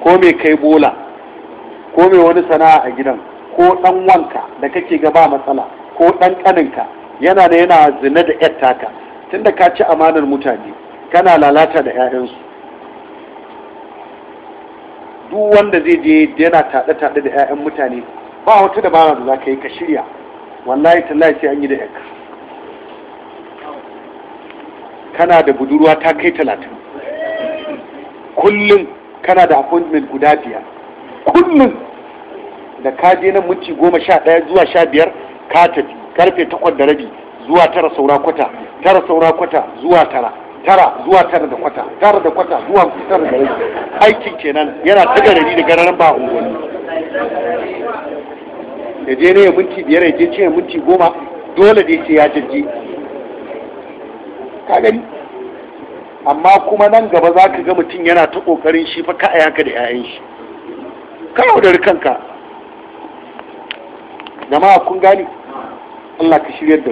ko mai kai bola ko mai wani sana'a a gidan ko ɗan wanka da kake gaba matsala ko ɗan ƙaninka yana da yana zina da 'yar taka tunda ka ci amanar mutane kana lalata da 'ya'yansu duk wanda zai je yana taɗe-taɗe da 'ya'yan mutane ba wata dabara da za ka yi ka shirya wallahi tallahi sai an yi da yanka kana da budurwa ta kai talatin kullum kana da appointment guda biyar kullum da ka je nan minti goma sha ɗaya zuwa sha biyar ka tafi karfe takwas da rabi zuwa tara saura kwata tara saura kwata zuwa tara tara zuwa tara da kwata tara da kwata zuwa tara da rabi aikin kenan yana ta garari da gararan ba unguwanni ya je ne ya minti biyar ya je ce ya minti goma dole dai ce ya jirgi ka gani amma kuma nan gaba za ka ga mutum yana ta kokarin shi fa ka a yanka da 'ya'yan shi ka yaudari kanka ma kun gani Allah ka shiryar da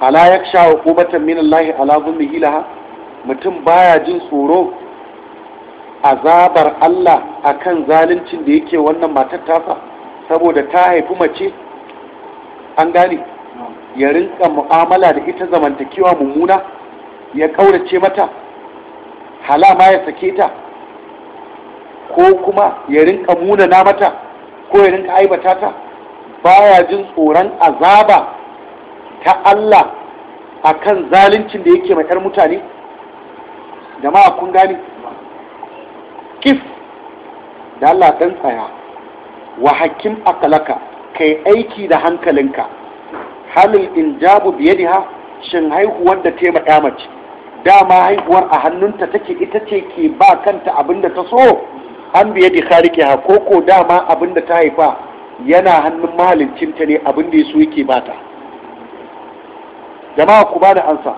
ala yaksha uqubatan min Allah ala dhulmihi laha mutum baya jin tsoro azabar Allah akan zaluncin da yake wannan matar tasa saboda ta haifi mace an gane ya rinka mu'amala da ita zamantakewa mummuna ya ƙaurace mata halama ya sake ta ko kuma ya rinka munana mata ko ya rinka aibata ta baya jin tsoron azaba ta Allah akan zaluncin da yake mai mutane jama'a kun gane kif da Allah dan tsaya wa hakim akalaka kai aiki da hankalinka halin injabu biyadiha shin haihuwar da ta maɗa mace dama haihuwar a hannunta take ita ce ke ba kanta abin da ta so an biye da kharike ha koko dama abin da ta haifa yana hannun mahaliccinta ne abin da ya so yake bata jama'a ku ba da ansa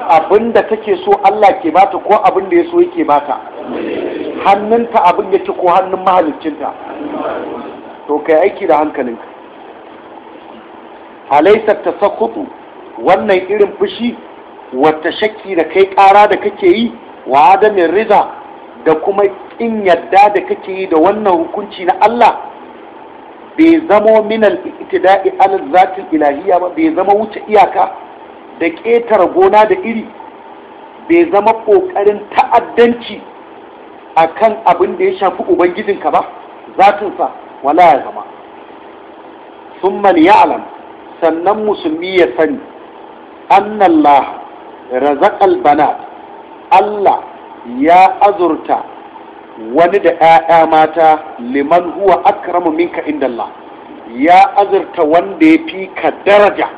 abin da take so Allah ke bata ko abin da ya so yake bata hannunta abin yake ko hannun mahalicinta to kai aiki da hankalinka alaisa tasakkutu wannan irin fushi wata shakki da kai ƙara da kake yi wa adamin riza da kuma ƙin yadda da kake yi da wannan hukunci na Allah bai zamo minal itida'i alal zatil ilahiyya ba bai zama wuce iyaka da ƙetare gona da iri bai zama ƙoƙarin ta'addanci a kan abin da ya shafi ubangijinka ba zatinsa wala ya zama sun mani alam sannan musulmi ya sani annallah razaqal banat Allah ya azurta wani da ‘ya'ya mata liman huwa akramu minka inda ya azurta wanda ya fi ka daraja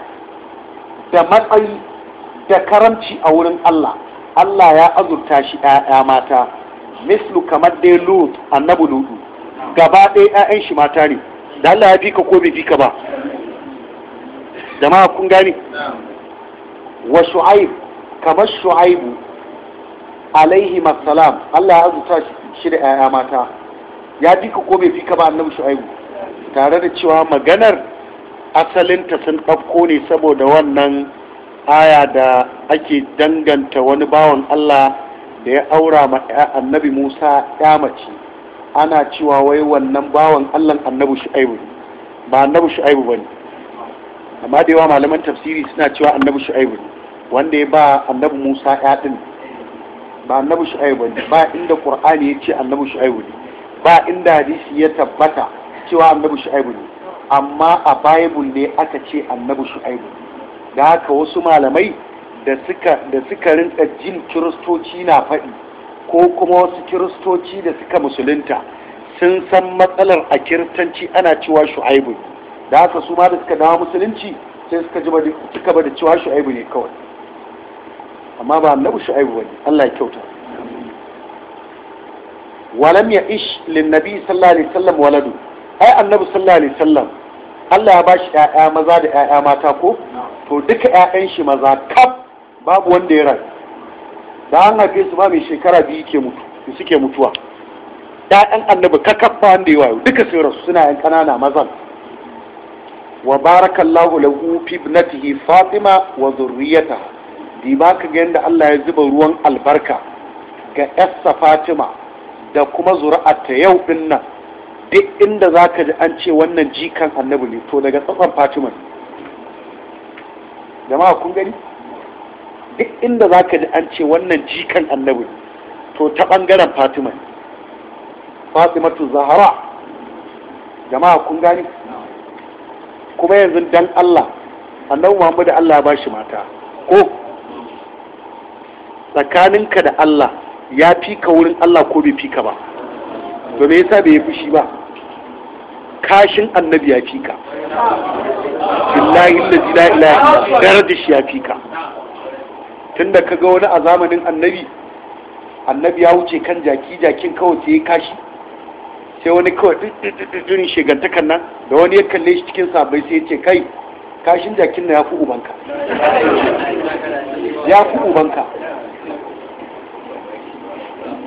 da matsayi da karamci a wurin Allah Allah ya azurta shi ‘ya'ya mata mislu kamar dai lut annabi lutu gaba ɗaya ‘ya'yan shi mata ne da Allah ya fika ko bai fika ba jama'a kun gani wa shu'aib kamar shu'aibu alaihi masalam Allah ya azurta shi da ‘ya'ya mata ya fika ko bai fika ba annabi shu'aibu tare da cewa maganar asalinta sun ɗauko ne saboda wannan aya da ake danganta wani bawan Allah da ya aura ma annabi Musa ya mace ana cewa wai wannan bawan Allah annabi Shu'aibu ba annabi Shu'aibu bane amma da yawa malaman tafsiri suna cewa annabi Shu'aibu wanda ya ba annabi Musa ya din ba annabi Shu'aibu bane ba inda Qur'ani ya ce annabi Shu'aibu ne ba inda hadisi ya tabbata cewa annabi Shu'aibu ne amma a bible ne aka ce annabi shu'aibu da haka wasu malamai da suka da suka rinka jin kiristoci na faɗi ko kuma wasu kiristoci da suka musulunta sun san matsalar a kiristanci ana cewa shu'aibu da haka su ma da suka dawo musulunci sai suka ji suka bada cewa shu'aibu ne kawai amma ba annabi shu'aibu bane Allah ya kyauta walam ya ish lin nabi sallallahu alaihi wasallam waladu ai annabi sallallahu alaihi wasallam Allah ya bashi ƴaƴa maza da ƴaƴa mata ko to duka ƴaƴan shi maza kaf babu wanda ya rayu da an haife su ba mai shekara biyu ke mutu suke mutuwa ƴaƴan annabi kakaf ba wanda ya wayo duka sun rasu suna 'yan ƙanana mazan wa barakallahu lahu fi ibnatihi fatima wa zurriyata. di ba ka ga yadda Allah ya zuba ruwan albarka ga 'yarsa fatima da kuma zuri'arta yau din nan duk inda za ka ji an ce wannan jikan annabi ne to daga tsakon fatima jama'a kun gani duk inda za ka ji an ce wannan jikan annabi to ta ɓangaren fatima fatimatu zahara jama'a kun gani kuma yanzu dan allah annabi muhammadu allah ba shi mata ko tsakaninka da allah ya fika wurin allah ko bai fika ba to me yasa bai fushi ba kashin annabi ya fi ka billahi la da shi ya fi ka tunda kaga wani a zamanin annabi annabi ya wuce kan jaki jakin kawai sai ya kashi sai wani kawai durin shigantakan nan da wani ya kalle shi cikin sabai sai ya ce kai kashin jakin na ya fi ubanka ya fi ubanka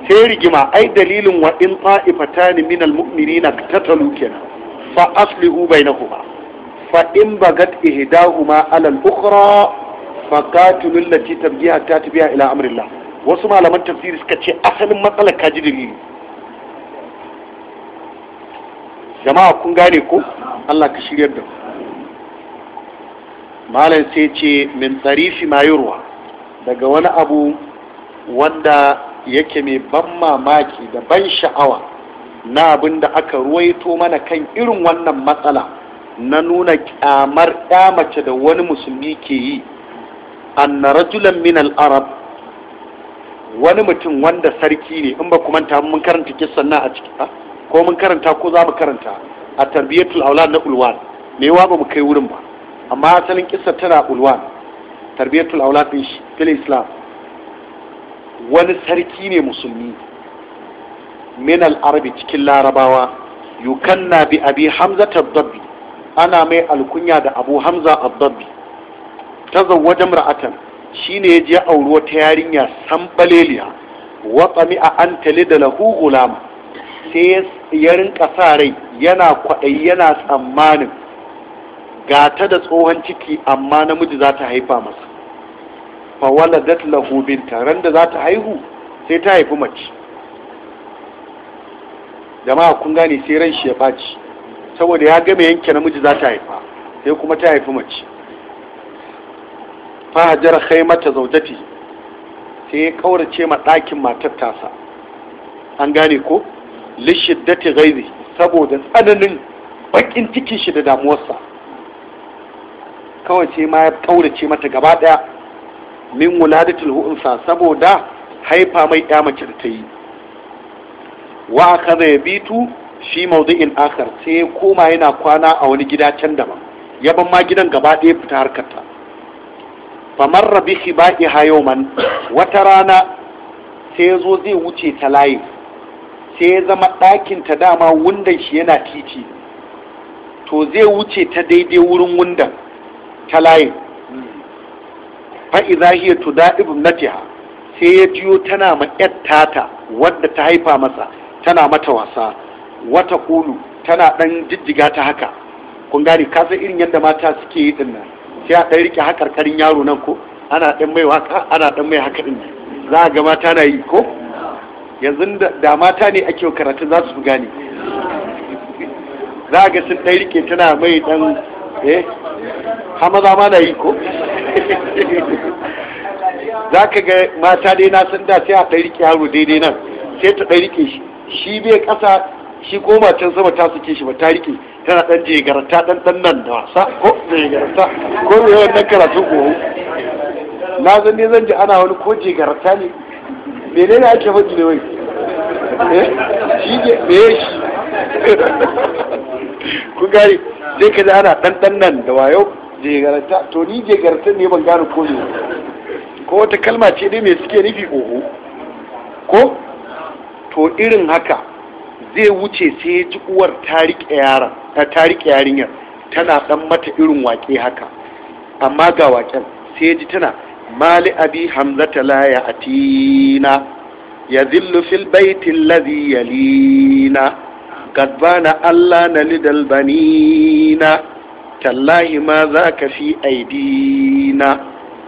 sai rigima ai dalilin wa in fa'ifata ta'ifatani minal ta tatalu kenan fa aslihu bainahuma fa in bagat ihdahuma ala al-ukhra fa qatilu allati tabghi tatbiha ila amrillah wasu malaman tafsiri suka ce asalin matsalar kaji dalili jama'a kun gane ko Allah ka shiryar da malam sai ce min tsarifi mayurwa daga wani abu wanda yake mai ban mamaki da ban sha'awa na abin da aka ruwaito mana kan irin wannan matsala na nuna kyamar mace da wani musulmi ke yi anna rajulan min al-arab wani mutum wanda sarki ne in ba kuma ta mun karanta kissan na a ciki ko mun karanta ko za mu karanta a tarbiyatul aulad na ulwan me wa ba mu kai wurin ba amma asalin kissa tana ulwan tarbiyatul aulad din shi fil islam wani sarki ne musulmi min al cikin larabawa yukanna bi abi hamza ad ana mai alkunya da abu hamza ad-dabbi tazawwaja imra'atan shine ya je auri wata yarinya sanbaleliya wa a an da lahu gulam sai ya rinka rai yana kwaɗayi yana tsammanin gata da tsohon ciki amma namiji za ta haifa masa Fa wala lahu binta ran da za ta haihu sai ta haifi mace jama'a kun gane sai ran shi ya faci saboda ya game yanke namiji za ta haifa sai kuma ta haifi mace fahajar mata zaujati sai ya kaurace ma ɗakin matar tasa an gane ko lishiddati gaizi saboda tsananin bakin cikin shi da damuwarsa kawai sai ma ya kaurace mata gaba daya min wuladatul hu'unsa saboda haifa mai ɗa mace da ta yi wa bi tu? shi mawdi'in akar. sai koma yana kwana a wani gida can daban ya ban ma gidan gaba ɗaya fita harkar ta famarra bi shiba'iha yawman wata rana sai zo zai wuce ta layi sai ya zama ɗakin ta dama wundan shi yana titi to zai wuce ta daidai wurin wundan ta layi fa'iza hiya tuda'ib natiha sai ya jiyo tana ma tata wadda ta haifa masa tana mata wasa wata kulu tana dan jijjiga ta haka kun gane ka san irin yadda mata suke yi din nan sai a dan rike hakarkarin yaro nan ko ana dan mai haka ana dan mai haka din za a ga mata na yi ko yanzu da mata ne ake karatu za su gane za a ga sun dan rike tana mai dan eh ha maza ma na yi ko za ka ga mata dai na san da sai a dan rike yaro daidai nan sai ta dan rike shi shi bai ƙasa shi goma can sama ta suke shi ba ta rike tana ɗan garanta ɗan ɗan nan da wasa ko je-garanta. ko me yawan nan karatu ko na zan ne zan ji ana wani ko je-garanta ne menene ake faɗi ne wai eh? shi ne me shi ku gari sai ka ji ana ɗan nan da wayo je garanta to ni je-garanta ne ban gane ko ne ko wata kalma ce dai me suke nufi oho ko to irin haka zai wuce sai ya ji uwar ta riƙe yarinyar tana ɗan mata irin waƙe haka amma ga waƙen sai ya ji tana mali abi hamzata la ya atina ya zillu fil baitin lazi yalina gadbana allah na lidal banina tallahi ma za ka fi aidina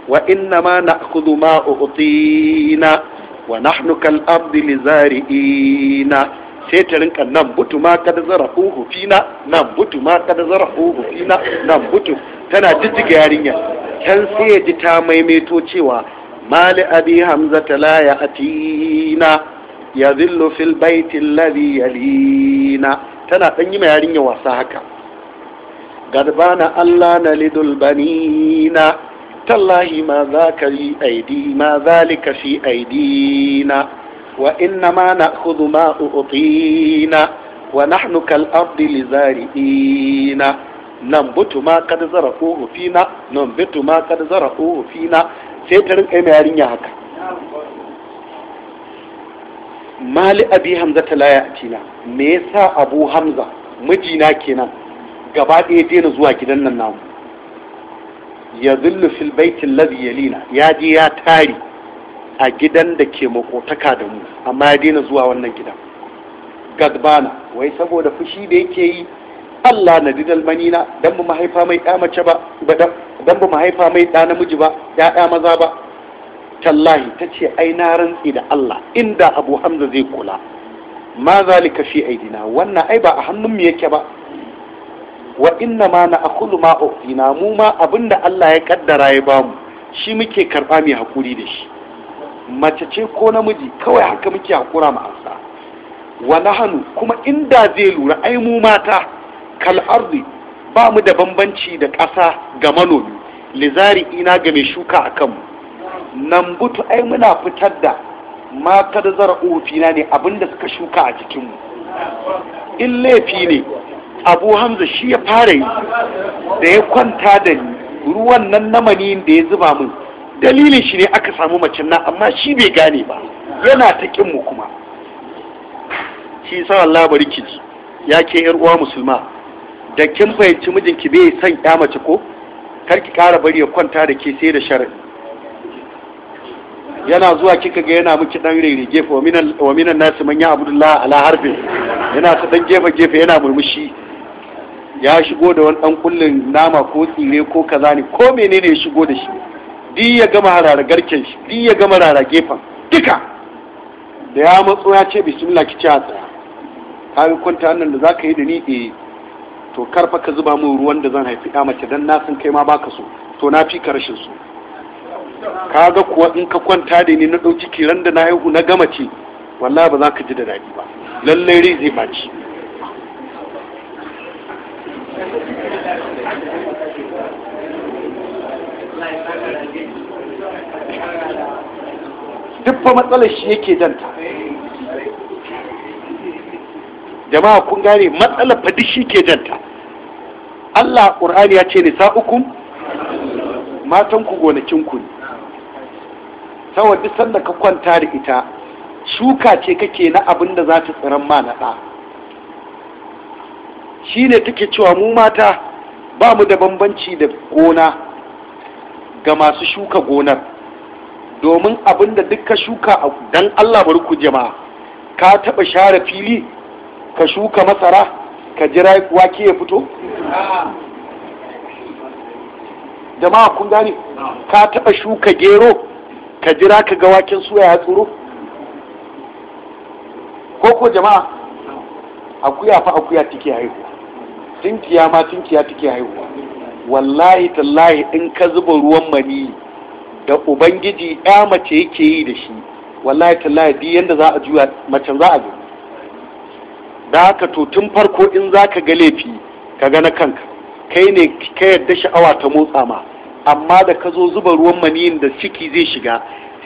wa inna ma na ma utina wa nahnu kal abdi li zari'ina sai ta rinka nan butu ma kada zarafuhu fina nan butu ma kada zarafuhu fina nan butu tana jijjiga yarinya can sai ya ji ta maimaito cewa mali abi hamza ta la ya atina ya zillu fil baitin alladhi yalina tana dan yi yarinya wasa haka gadbana allah na lidul banina tallahi ma za ka yi aidi ma zalika fi aidina wa inna ma na'khudhu ma na, wa nahnu kal ardi lizari'ina nambutu ma kad zara'uhu fina nambutu ma kad zara'uhu na, sai ta rinka yana yarinya haka mali abi hamza ta laya a me yasa abu hamza mijina kenan gaba ɗaya daina zuwa gidan nan namu ya zullu fil baitin ladhi yalina ya je ya tari a gidan da ke makotaka da mu amma ya daina zuwa wannan gidan gadbana wai saboda fushi da yake yi Allah na didal manina dan ba mahaifa mai ɗa mace ba dan ba mahaifa mai ɗa namiji ba ya ɗa maza ba tallahi ta ce ai rantsi da Allah inda Abu Hamza zai kula ma zalika fi aidina wannan ai ba a hannun mu yake ba wa inna ma na akulu ma ofina mu ma abinda Allah ya kaddara ya bamu shi muke karɓa mai haƙuri da shi mace ce ko namiji kawai haka muke haƙura mu ansa wa nahanu kuma inda zai lura ai mu mata kal ardi ba mu da bambanci da ƙasa ga manomi lizari ina ga mai shuka a kanmu nan butu ai muna fitar da matar zara na ne da suka shuka a jikinmu in laifi ne abu hamza shi ya fara yi da ya kwanta da ni ruwan nan na maniyin da ya zuba min dalilin shi ne aka samu macin nan amma shi bai gane ba yana ta kin mu kuma shi sa Allah bari ki ji ya ke yar uwa musulma da kin fahimci mijinki bai san ya mace ko kar ki kara bari ya kwanta da ke sai da sharri yana zuwa kika ga yana miki dan rere gefe wa minan nasu manya abdullah ala harbi yana ta dan gefe gefe yana murmushi ya shigo da wani dan kullin nama ko tsire ko kaza ne ko menene ya shigo da shi di ya gama harara garken shi di ya gama harara gefen duka da ya matso ya ce bismillah ki ci tsaya ka bi kwanta nan da zaka yi da ni eh to karfa ka zuba min ruwan da zan haifi ya mace dan na san kai ma baka so to na fi ka rashin so ka ga kuwa in ka kwanta da ni na ɗauki kiran da na haihu na gama ce wallahi ba za ka ji da daɗi ba lallai rai zai baci duk matsalar shi yake danta jama'a kun gane matsalar fadi shi ke danta Allah ƙur'ani ya ce sa'ukun matanku gonakinku ne saboda sanda ka kwanta da ita shuka ce kake na abin da za ta tsiran ma na ɗa shi ne take cewa mu mata ba mu da bambanci da gona ga masu shuka gonar domin abin da duk ka shuka Don Allah bari ku jama'a ka taɓa share fili ka shuka masara ka jira wake ya fito jama'a kun gane ka taɓa shuka gero ka jira ka ga waken suya ya tsoro ko ko jama'a akuya fa akuya take haihuwa tinkiya ma tinkiya take haihuwa wallahi tallahi in ka zuba ruwan mani da ubangiji ya mace yake yi da shi wallahi tallahi duk yanda za a juya macen za a ga da haka to tun farko in za ka ga laifi ka ga na kanka kai ne ka yarda sha'awa ta motsa ma amma da ka zo zuba ruwan maniyin da ciki zai shiga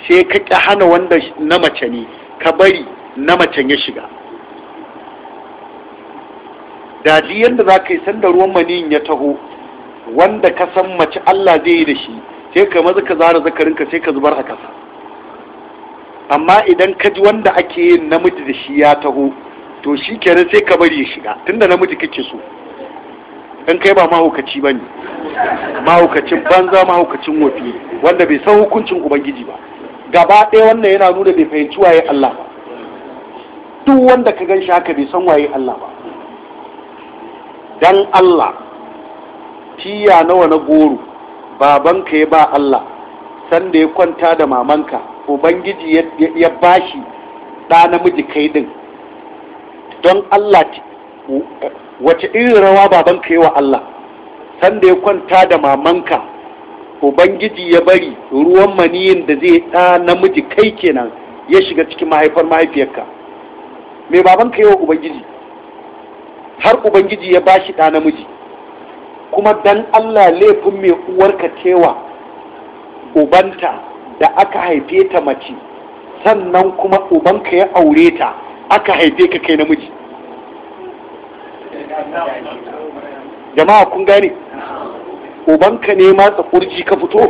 sai ka ƙi hana wanda na mace ne ka bari na macen ya shiga daji yadda za ka yi sanda ruwan maniyin ya taho wanda ka san mace Allah zai yi da shi sai ka maza ka zara zakarinka sai ka zubar a kasa amma idan ka ji wanda ake yin namiji da shi ya taho to shi kenan sai ka bari ya shiga tunda namiji kake so in kai ba mahaukaci ba ne mahaukacin banza mahaukacin wafi wanda bai san hukuncin ubangiji ba gaba ɗaya wannan yana nuna bai fahimci waye Allah ba duk wanda ka gan shi haka bai san waye Allah ba dan Allah tiya nawa na goro babanka ya ba Allah sanda ya kwanta da mamanka ubangiji ya bashi ɗa namiji kai din don Allah eh, wace irin rawa babanka ya wa Allah sanda ya kwanta da mamanka ubangiji ya bari ruwan maniyin da zai ɗa namiji kai kenan ya shiga cikin mahaifar mahaifiyarka me babanka ya wa ubangiji har ubangiji ya ba shi ɗa namiji kuma dan Allah laifin mai uwarka cewa ubanta da aka haife ta mace sannan kuma ubanka ya aure ta aka haife ka kai namiji jama'a kun gane ubanka ne matsa kurji ka fito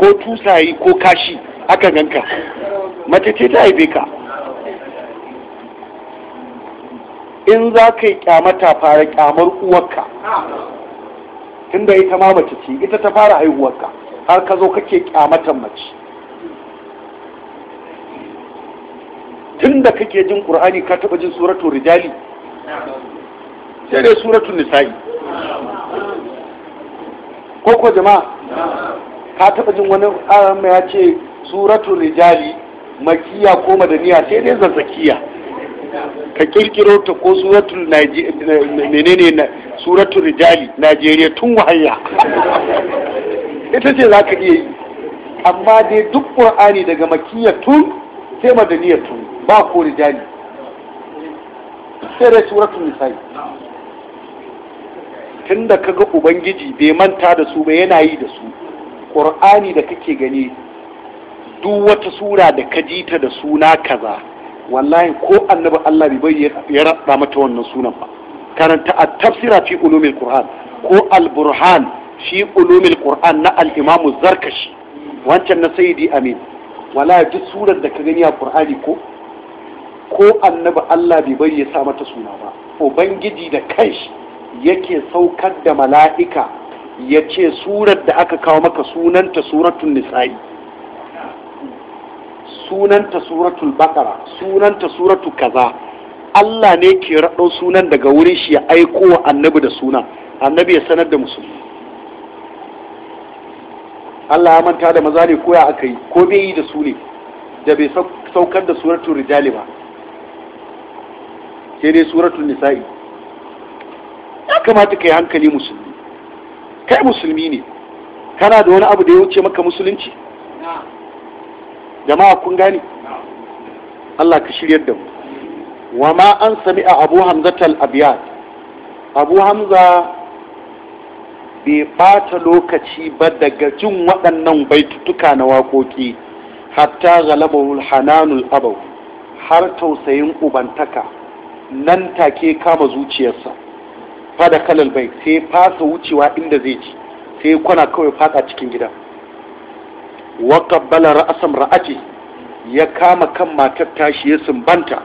ko tusayi ko kashi aka ganka mace ce ta haife ka in za ka yi kyamata fara kyamar uwarka tunda ita ma mace ce ita ta fara haihuwarka har ka zo kake kyamatan mace tunda kake jin ƙur'ani ka taɓa jin suratu rijali sai dai suratu nisa'i ko ko jama'a ka taɓa jin wani ƙaramma ah, ya ce suratu rijali makiya ko madaniya sai dai zazzakiya Ka kirkiro ta ko suratul menene suratul rijali najeriya tun wahayya ita ce za ka iya yi amma dai duk ƙur'ani daga tun sai tun ba ko rijali sai dai suratul nisa'i tun da kaga ubangiji bai manta da su ba yana yi da su ƙur'ani da kake gani duk wata sura da ka ji ta da suna kaza wallahi ko annabi Allah bai bai ya rada mata wannan sunan ba karanta a tafsira fi ulumil qur'an ko al-burhan fi ulumil qur'an na al-imam zarkashi wancan na sayyidi amin wallahi duk surar da ka gani a qur'ani ko ko annabi Allah bai bai ya sa mata suna ba ubangiji da kanshi yake saukar da mala'ika yace surar da aka kawo maka sunanta suratun nisa'i sunanta suratul bakara sunanta suratul kaza Allah ne ke raɗo sunan daga wurin shi ya aiko wa annabi da suna, annabi ya sanar da musulmi Allah ya manta da maza ne ko ya aka yi ko bai yi da su ne da bai saukar da suratul rijali ba sai dai suratul nisa'i ya kamata ka yi hankali musulmi kai musulmi ne kana da wani abu da ya wuce maka musulunci jama'a kun gane Allah ka shiryar da mu wa ma an sami a abu Hamza tal abiyat abu hamza bai bata lokaci ba daga jin waɗannan baitutuka na waƙoƙi hatta galabahul hananul abau har tausayin ubantaka nan take kama zuciyarsa fada kalal bai sai fasa wucewa inda zai ci sai kwana kawai fada cikin gida wa qabbala ra'sam ra'ati ya kama kan matar tashi ya sumbanta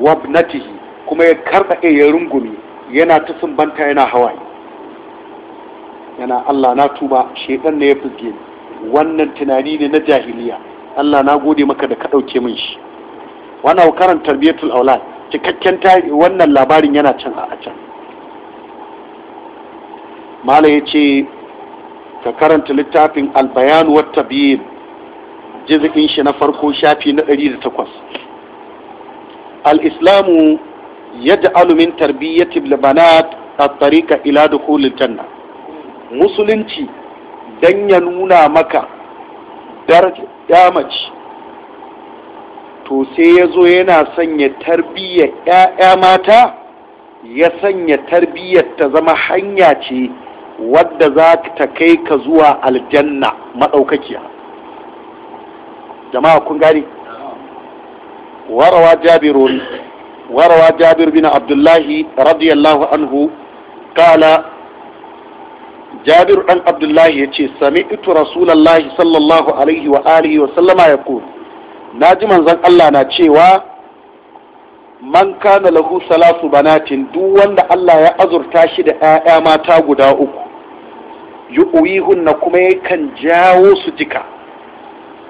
wabnatihi kuma ya karɓaɗe eh, ya rungumi yana ta sumbanta yana hawaye yana Allah na tuba shedan ne ya fuske wannan tunani ne na jahiliya Allah na gode maka da ka ɗauke min shi wannan karan tarbiyatul aulad cikakken wannan labarin yana can a can Malam ya ce ka karanta littafin albayan wata biyin jizikin shi na farko shafi na 108 al-islamu ya ji alumin tarbiyyar banat a ila dukhul janna musulunci don ya nuna maka dar mace to sai ya zo yana sanya tarbiyyar 'ya'ya mata ya sanya tarbiyyar ta zama hanya ce wadda za ta kai ka zuwa aljanna maɗaukakiya jama'a kun gani warawa Jabiru warawa jabir bin abdullahi radiyallahu anhu kala Jabiru ɗan abdullahi ya ce sami itu rasulallahi sallallahu alaihi wa alihi wa sallama ya na ji manzan allah na cewa man kana lahu salasu banatin duk wanda allah ya azurta shi da 'ya'ya mata guda uku yu'wihunna kuma yakan jawo su jika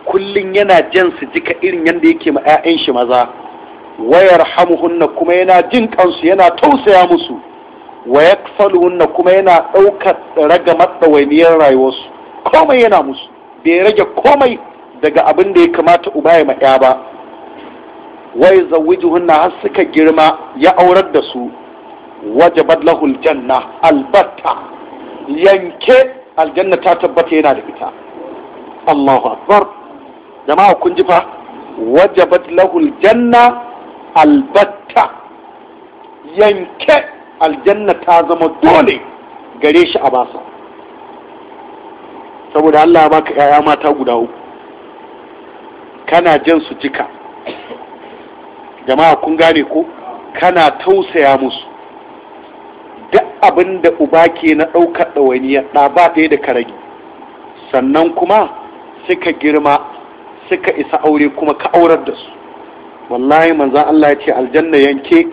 kullun yana jan su jika irin yanda yake ma 'ya'yan shi maza wayar hamuhunna kuma yana jin kansu yana tausaya musu wa yaksaluhunna kuma yana ɗaukar raga matsawainiyar rayuwarsu komai yana musu bai rage komai daga abin da ya kamata uba ya ma'ya ba wai zawijuhunna har suka girma ya aurar da su wajabat lahul janna albatta yanke aljanna ta tabbata yana da fita. Allahu akbar jama'a kun ji fa wajabat lahul janna albatta yanke aljanna ta zama dole gare shi a basa saboda Allah ya baka yaya mata guda uku kana jan su jika jama'a kun gane ko kana tausaya musu duk abin da uba ke na ɗaukar ɗawainiya ɗa ba ta yi da karagi sannan kuma suka girma suka isa aure kuma ka aurar da su wallahi manzan Allah ya ce aljanna yanke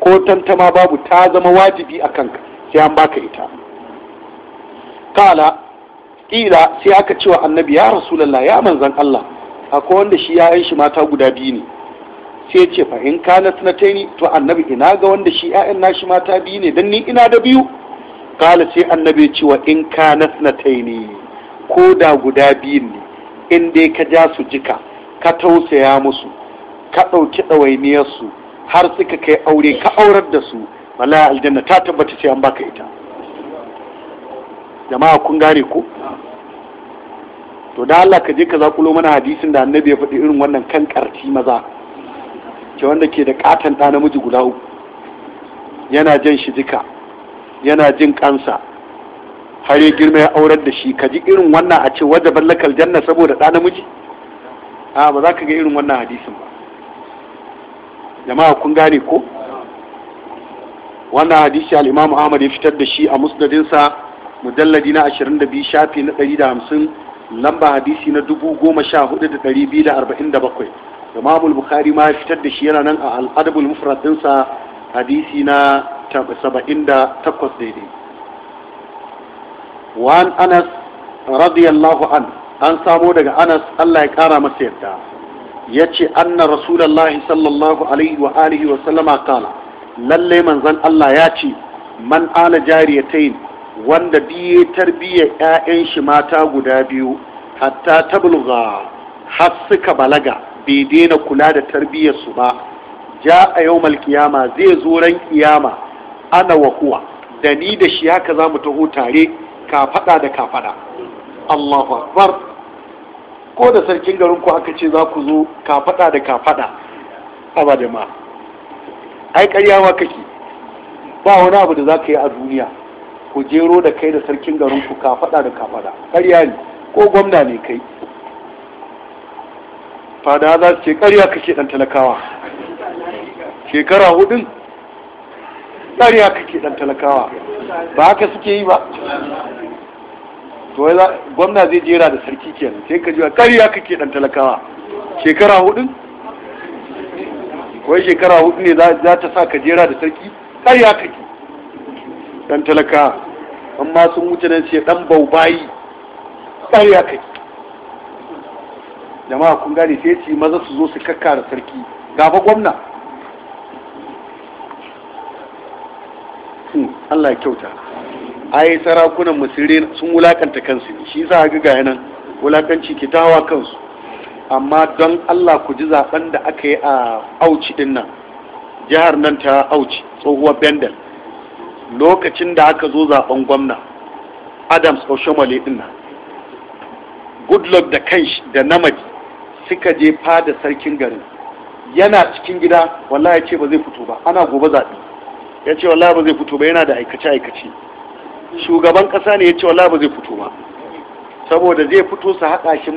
ko tantama babu ta zama wajibi a kanka sai an baka ita kala ƙila sai aka cewa annabi ya rasulallah ya manzan Allah akwai wanda shi ya shi mata guda biyu ne sai ce fahim kana na taini to annabi ina ga wanda shi ƴaƴan nashi mata biyu ne dan ni ina da biyu kala sai annabi ya ce wa in kana na taini ko da guda biyun ne in dai ka ja su jika ka tausaya musu ka ɗauki su har suka kai aure ka aurar da su wallahi aljanna ta tabbata sai an baka ita jama'a kun gane ko to da Allah ka je ka zakulo mana hadisin da annabi ya faɗi irin wannan kan karti maza ke wanda ke da katon ɗa namiji guda uku yana jan shi duka yana jin kansa har ya girma ya aurar da shi ka ji irin wannan a ce wajen ballakal janna saboda ɗa namiji a ba za ka ga irin wannan hadisin ba jama'a kun gane ko wannan hadisi al'imamu ahmad ya fitar da shi a musnadinsa mujalladi na 22 shafi na 150 lamba hadisi na 14247 imam al-bukhari ma fitar da shi yana nan a al-adabul mufrad dinsa hadisi na 78 daidai wa an anas radiyallahu an an samo daga anas Allah ya kara masa yadda yace anna rasulullahi sallallahu alaihi wa alihi wa sallama kala lalle manzan Allah ya ce man ala jariyatain wanda biye tarbiyya ƴaƴan shi mata guda biyu hatta tabluga har suka balaga bai daina kula da tarbiyyarsu ba ja a yau malkiyama zai zo ran kiyama ana wa kuwa da ni da shi haka za mu taho tare ka faɗa da ka faɗa. Allahu akbar ko da sarkin garin ku aka ce za ku zo ka faɗa da ka kafaɗa aba ma ai karyawa kake ba wani abu da za ka yi a duniya ku jero da kai da sarkin garin ku kafaɗa da kafaɗa. ƙarya ne ko gwamna ne kai fada za su ce ƙarya kake ɗan talakawa shekara hudun ƙarya kake ɗan talakawa ba haka suke yi ba to gwamna zai jera da sarki kenan sai ka ji ƙarya kake ɗan talakawa shekara hudun wai shekara hudu ne za ta sa ka jera da sarki ƙarya kake ɗan talakawa amma sun wuce nan sai ɗan baubayi ƙarya kake jama'a kun gane sai ce maza su zo su kakka da sarki gafa gwamna hmm, Allah ya kyauta ai sarakunan musulmi sun wulakanta kansu shi yasa ga gaya nan wulakanci ke tawa kansu amma don Allah ku ji zaɓen da aka yi a auci din nan jihar nan ta auci tsohuwar bendel lokacin da aka zo zaɓen gwamna adams oshomale din nan goodluck da kanshi da namaji suka je fada sarkin garin yana cikin gida wallahi ya ce ba zai fito ba ana gobe zaɓe ya ce wallahi ba zai fito ba yana da aikace aikace shugaban ƙasa ne ya ce wallahi ba zai fito ba saboda zai fito su haɗa shi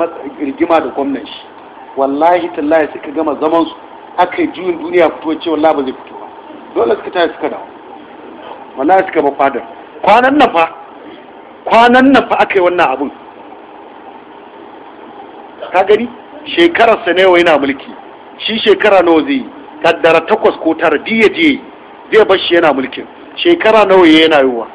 rigima da gwamnan shi wallahi tallahi suka gama zaman su aka yi juyin duniya fito ya ce wallahi ba zai fito ba dole suka tashi suka dawo wallahi suka ba fadar kwanan nan fa kwanan nan fa aka yi wannan abun ka gani shekararsa ne yana mulki shi shekara nawa zai kaddara takwas ko tara diya je zai bar shi yana mulkin shekara nawa ya yana yiwa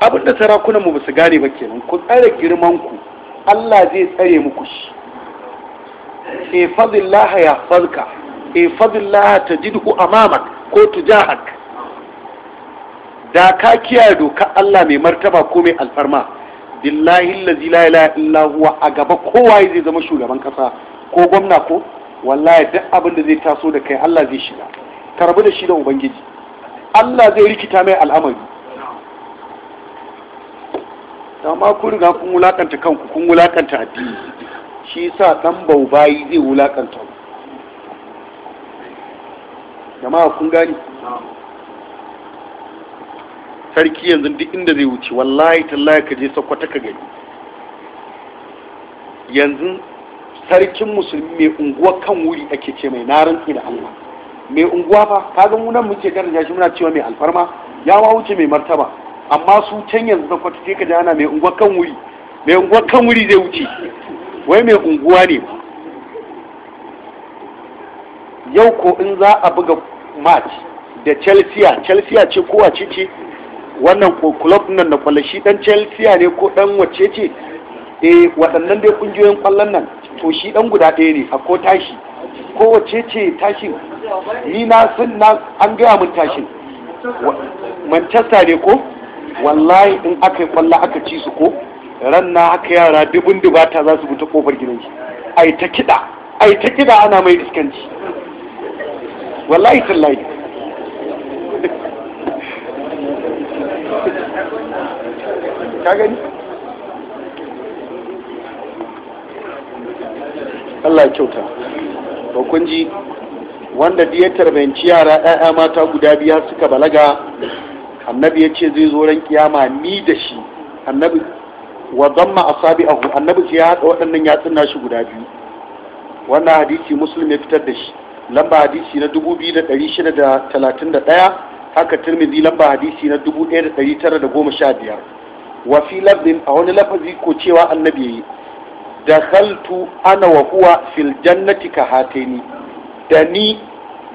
abinda sarakunan mu basu gane ba kenan ku tsare girman ku Allah zai tsare muku shi e fadillah ya fadka ifadillah e tajidhu amamak ko tujahak da ka kiyaye doka Allah mai martaba ko mai alfarma billahi allazi la ilaha illa huwa a gaba kowa zai zama shugaban kasa ko gwamna ko wallahi duk abin da zai taso da kai Allah zai shiga karbi da shi da ubangiji Allah zai rikita mai al'amari amma kun riga kun wulakanta kanku kun wulakanta addini shi sa dan baubayi zai wulakanta jama'a kun gani sarki yanzu duk inda zai wuce wallahi tallahi ka je sakwata ka gani yanzu sarkin musulmi mai unguwa kan wuri ake ce mai na rantsi da Allah mai unguwa fa ka mu nan muke kan shi muna cewa mai alfarma ya ma wuce mai martaba amma su can yanzu sakwata sai ka ji ana mai unguwa kan wuri mai unguwa kan wuri zai wuce wai mai unguwa ne yau ko in za a buga match da chelsea chelsea ce kowa ce ce wannan club nan na kwallo shi dan chelsea ne ko dan wacce ce eh waɗannan dai kungiyoyin kwallon nan to shi dan guda ɗaya ne a ko tashi ko wacce ce tashin ni na sun na an gaya mun tashin manchester ne ko wallahi in aka yi kwallo aka ci su ko ran na haka yara dubun dubata za su buta kofar gidan shi ai ta kiɗa ai ta kiɗa ana mai iskanci wallahi tallahi Allah kyauta ba kun ji wanda ya tarbanci yara ɗaya mata guda biyar suka balaga annabi ya ce zai zo ran kiyama ni da shi annabi wa zamma asabi'ahu annabi ya haɗa waɗannan ya tsinna shi guda biyu wannan hadisi muslim ya fitar da shi lamba hadisi na dubu biyu da da da shida talatin ɗaya. haka tirmidhi lamba hadisi na 1915 wa fi lafdin a wani lafazi ko cewa annabi yayi dakhaltu ana wa huwa fil jannati ka hataini da ni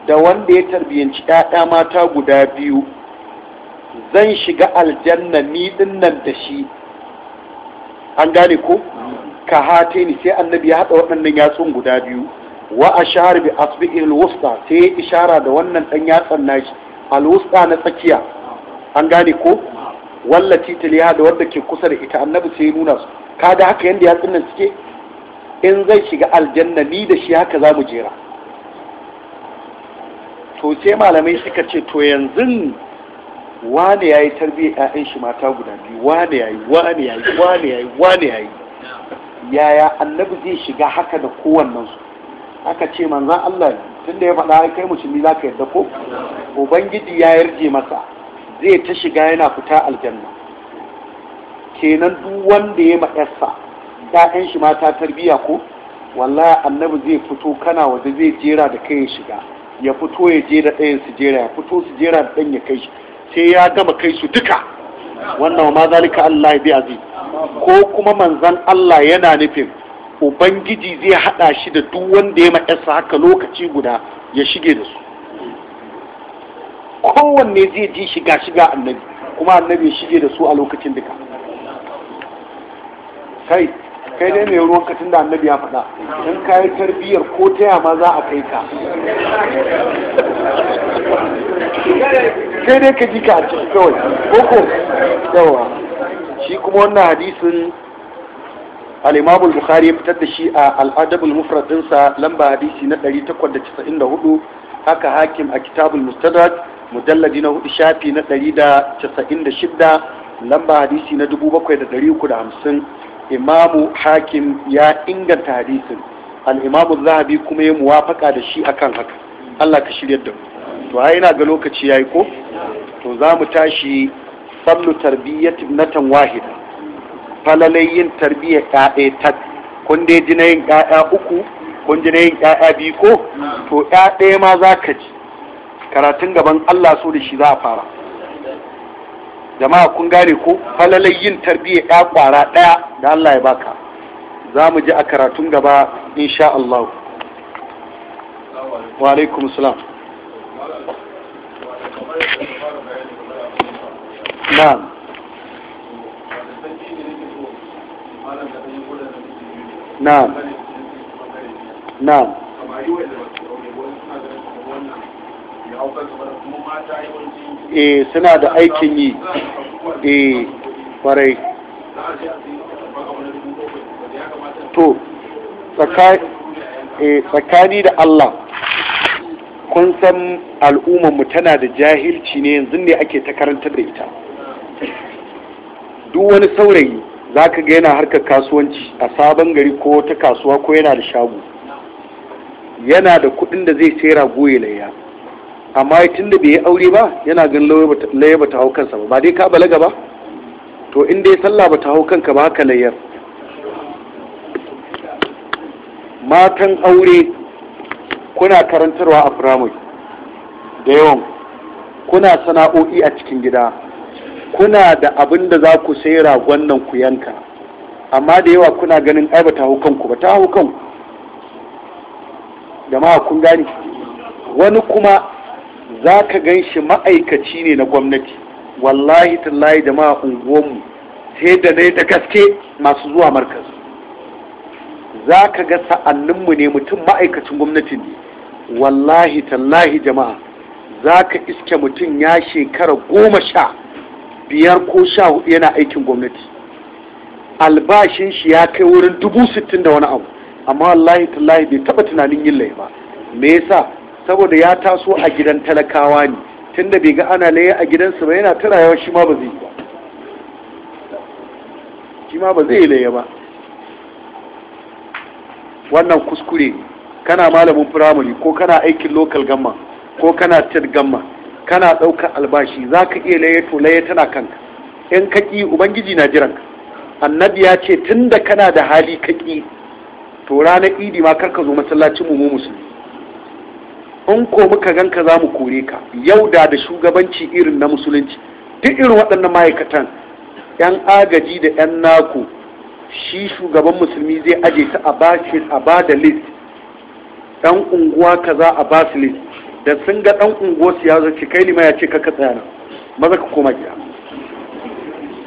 da wanda ya tarbiyanci ƴaƴa mata guda biyu zan shiga aljanna ni dinnan da shi an gane ko ka hataini sai annabi ya hada waɗannan yatsun guda biyu wa ashar bi asbi'il wusta sai ishara da wannan ɗan yatsan nashi alwusta na tsakiya an gane ko wallaci taliya da wadda ke kusa da ita annabi sai ya nuna su kaga haka yadda ya tsinnan suke in zai shiga aljanna ni da shi haka za mu jera to sai malamai suka ce to yanzu wane ya yi tarbiyya 'ya'yan shi mata guda biyu wane ya yi wane ya yi wane ya yi wane ya yi yaya annabi zai shiga haka da kowannensu? aka ce manzan Allah tun da ya faɗa kai musulmi za ka yadda ko ubangiji ya yarje masa zai ta shiga yana fita aljanna kenan duk wanda ya maɗarsa ‘ya'yan shi mata tarbiyya ko wallahi annabi zai fito kana waje zai jera da kai ya shiga ya fito ya je da ɗayan su jera ya fito su jera da ɗan ya kai shi sai ya gama kai su duka wannan ma zalika Allah ya bi aziz ko kuma manzan Allah yana nufin ubangiji zai hada shi da duk wanda ya ma'yarsa haka lokaci guda ya shige da su kowanne zai ji shiga shiga annabi kuma annabi ya shige da su a lokacin duka kai kai ne mai ruwan katin da annabi ya faɗa in ka yi tarbiyyar ko ta yama za a kai ka kai dai ka ji ka a ciki kawai koko yawa shi kuma wannan hadisin al-imam al-bukhari ya fitar da shi a al-adab al-mufrad dinsa lamba hadisi na 894 haka hakim a kitab al-mustadrak mujalladi na hudu shafi na 196 lamba hadisi na 7350 imamu hakim ya inganta hadisin al imamu zahabi kuma ya muwafaka da shi akan haka Allah ka shirya da mu to ai ina ga lokaci yayi ko to za mu tashi sablu tarbiyyat natan wahida falalai yin tarbiya ƴaƴa ta kun dai ji na yin ƴaƴa uku kun ji na yin ƴaƴa biyu ko to ɗaya ma za ka ji karatun gaban Allah so da shi za a fara jama'a kun gane ko falalai yin tarbiya ƴa kwara ɗaya da Allah ya baka za mu ji a karatun gaba insha Allah wa alaikum salam na'am na'am na'am eh suna da aikin yi eh kwarai to eh, tsakani da Allah kun san al'ummarmu tana da jahilci ne yanzu ne ake ta karantar da ita duk wani saurayi za ka ga yana harkar kasuwanci a sabon gari ko ta kasuwa ko yana da shago yana da kuɗin da zai tsera goye laiya. amma tun da bai yi aure ba yana ganin layya ba ta hau kansa ba ba dai ka balaga ba to in dai sallah ba ta hau kanka ba haka layar matan aure kuna karantarwa a firamare da yawan kuna sana'o'i a cikin gida kuna da abin da za ku sai ragon nan ku yanka amma da yawa kuna ganin ai ba ta hau kanku ba ta hau kanku ma kun gane wani kuma za ka gan shi ma'aikaci ne na gwamnati wallahi tallahi jama'a unguwanmu sai da na da gaske masu zuwa markaz za ka ga sa'anninmu ne mutum ma'aikacin gwamnati ne wallahi tallahi jama'a za ka iske mutum ya shekara goma sha biyar ko sha hudu yana aikin gwamnati albashin shi ya kai wurin dubu sittin da wani abu amma wallahi tallahi bai taba tunanin yin laifi ba me yasa saboda ya taso a gidan talakawa ne tunda bai ga ana laye a gidansa ba yana tara yawa shi ma ba zai yi ba shi ma ba zai yi laye ba wannan kuskure kana malamin firamare ko kana aikin lokal gamma ko kana state gamma kana ɗaukar albashi za ka iya layato laye tana kanka in kaki ubangiji na jiran annabi ya ce tun da kana da hali kaki to ranar idi ma kar ka zo masallacin mu musulmi in ko muka gan ka za mu kore ka yau da da shugabanci irin na musulunci duk irin waɗannan ma'aikatan 'yan agaji da 'yan naku shi shugaban musulmi zai aje ta a ba da list 'yan unguwa ka za a ba su list da sun ga ɗan unguwarsu ya zo ce kai lima ya ce ka tsaya ba maza ka koma gida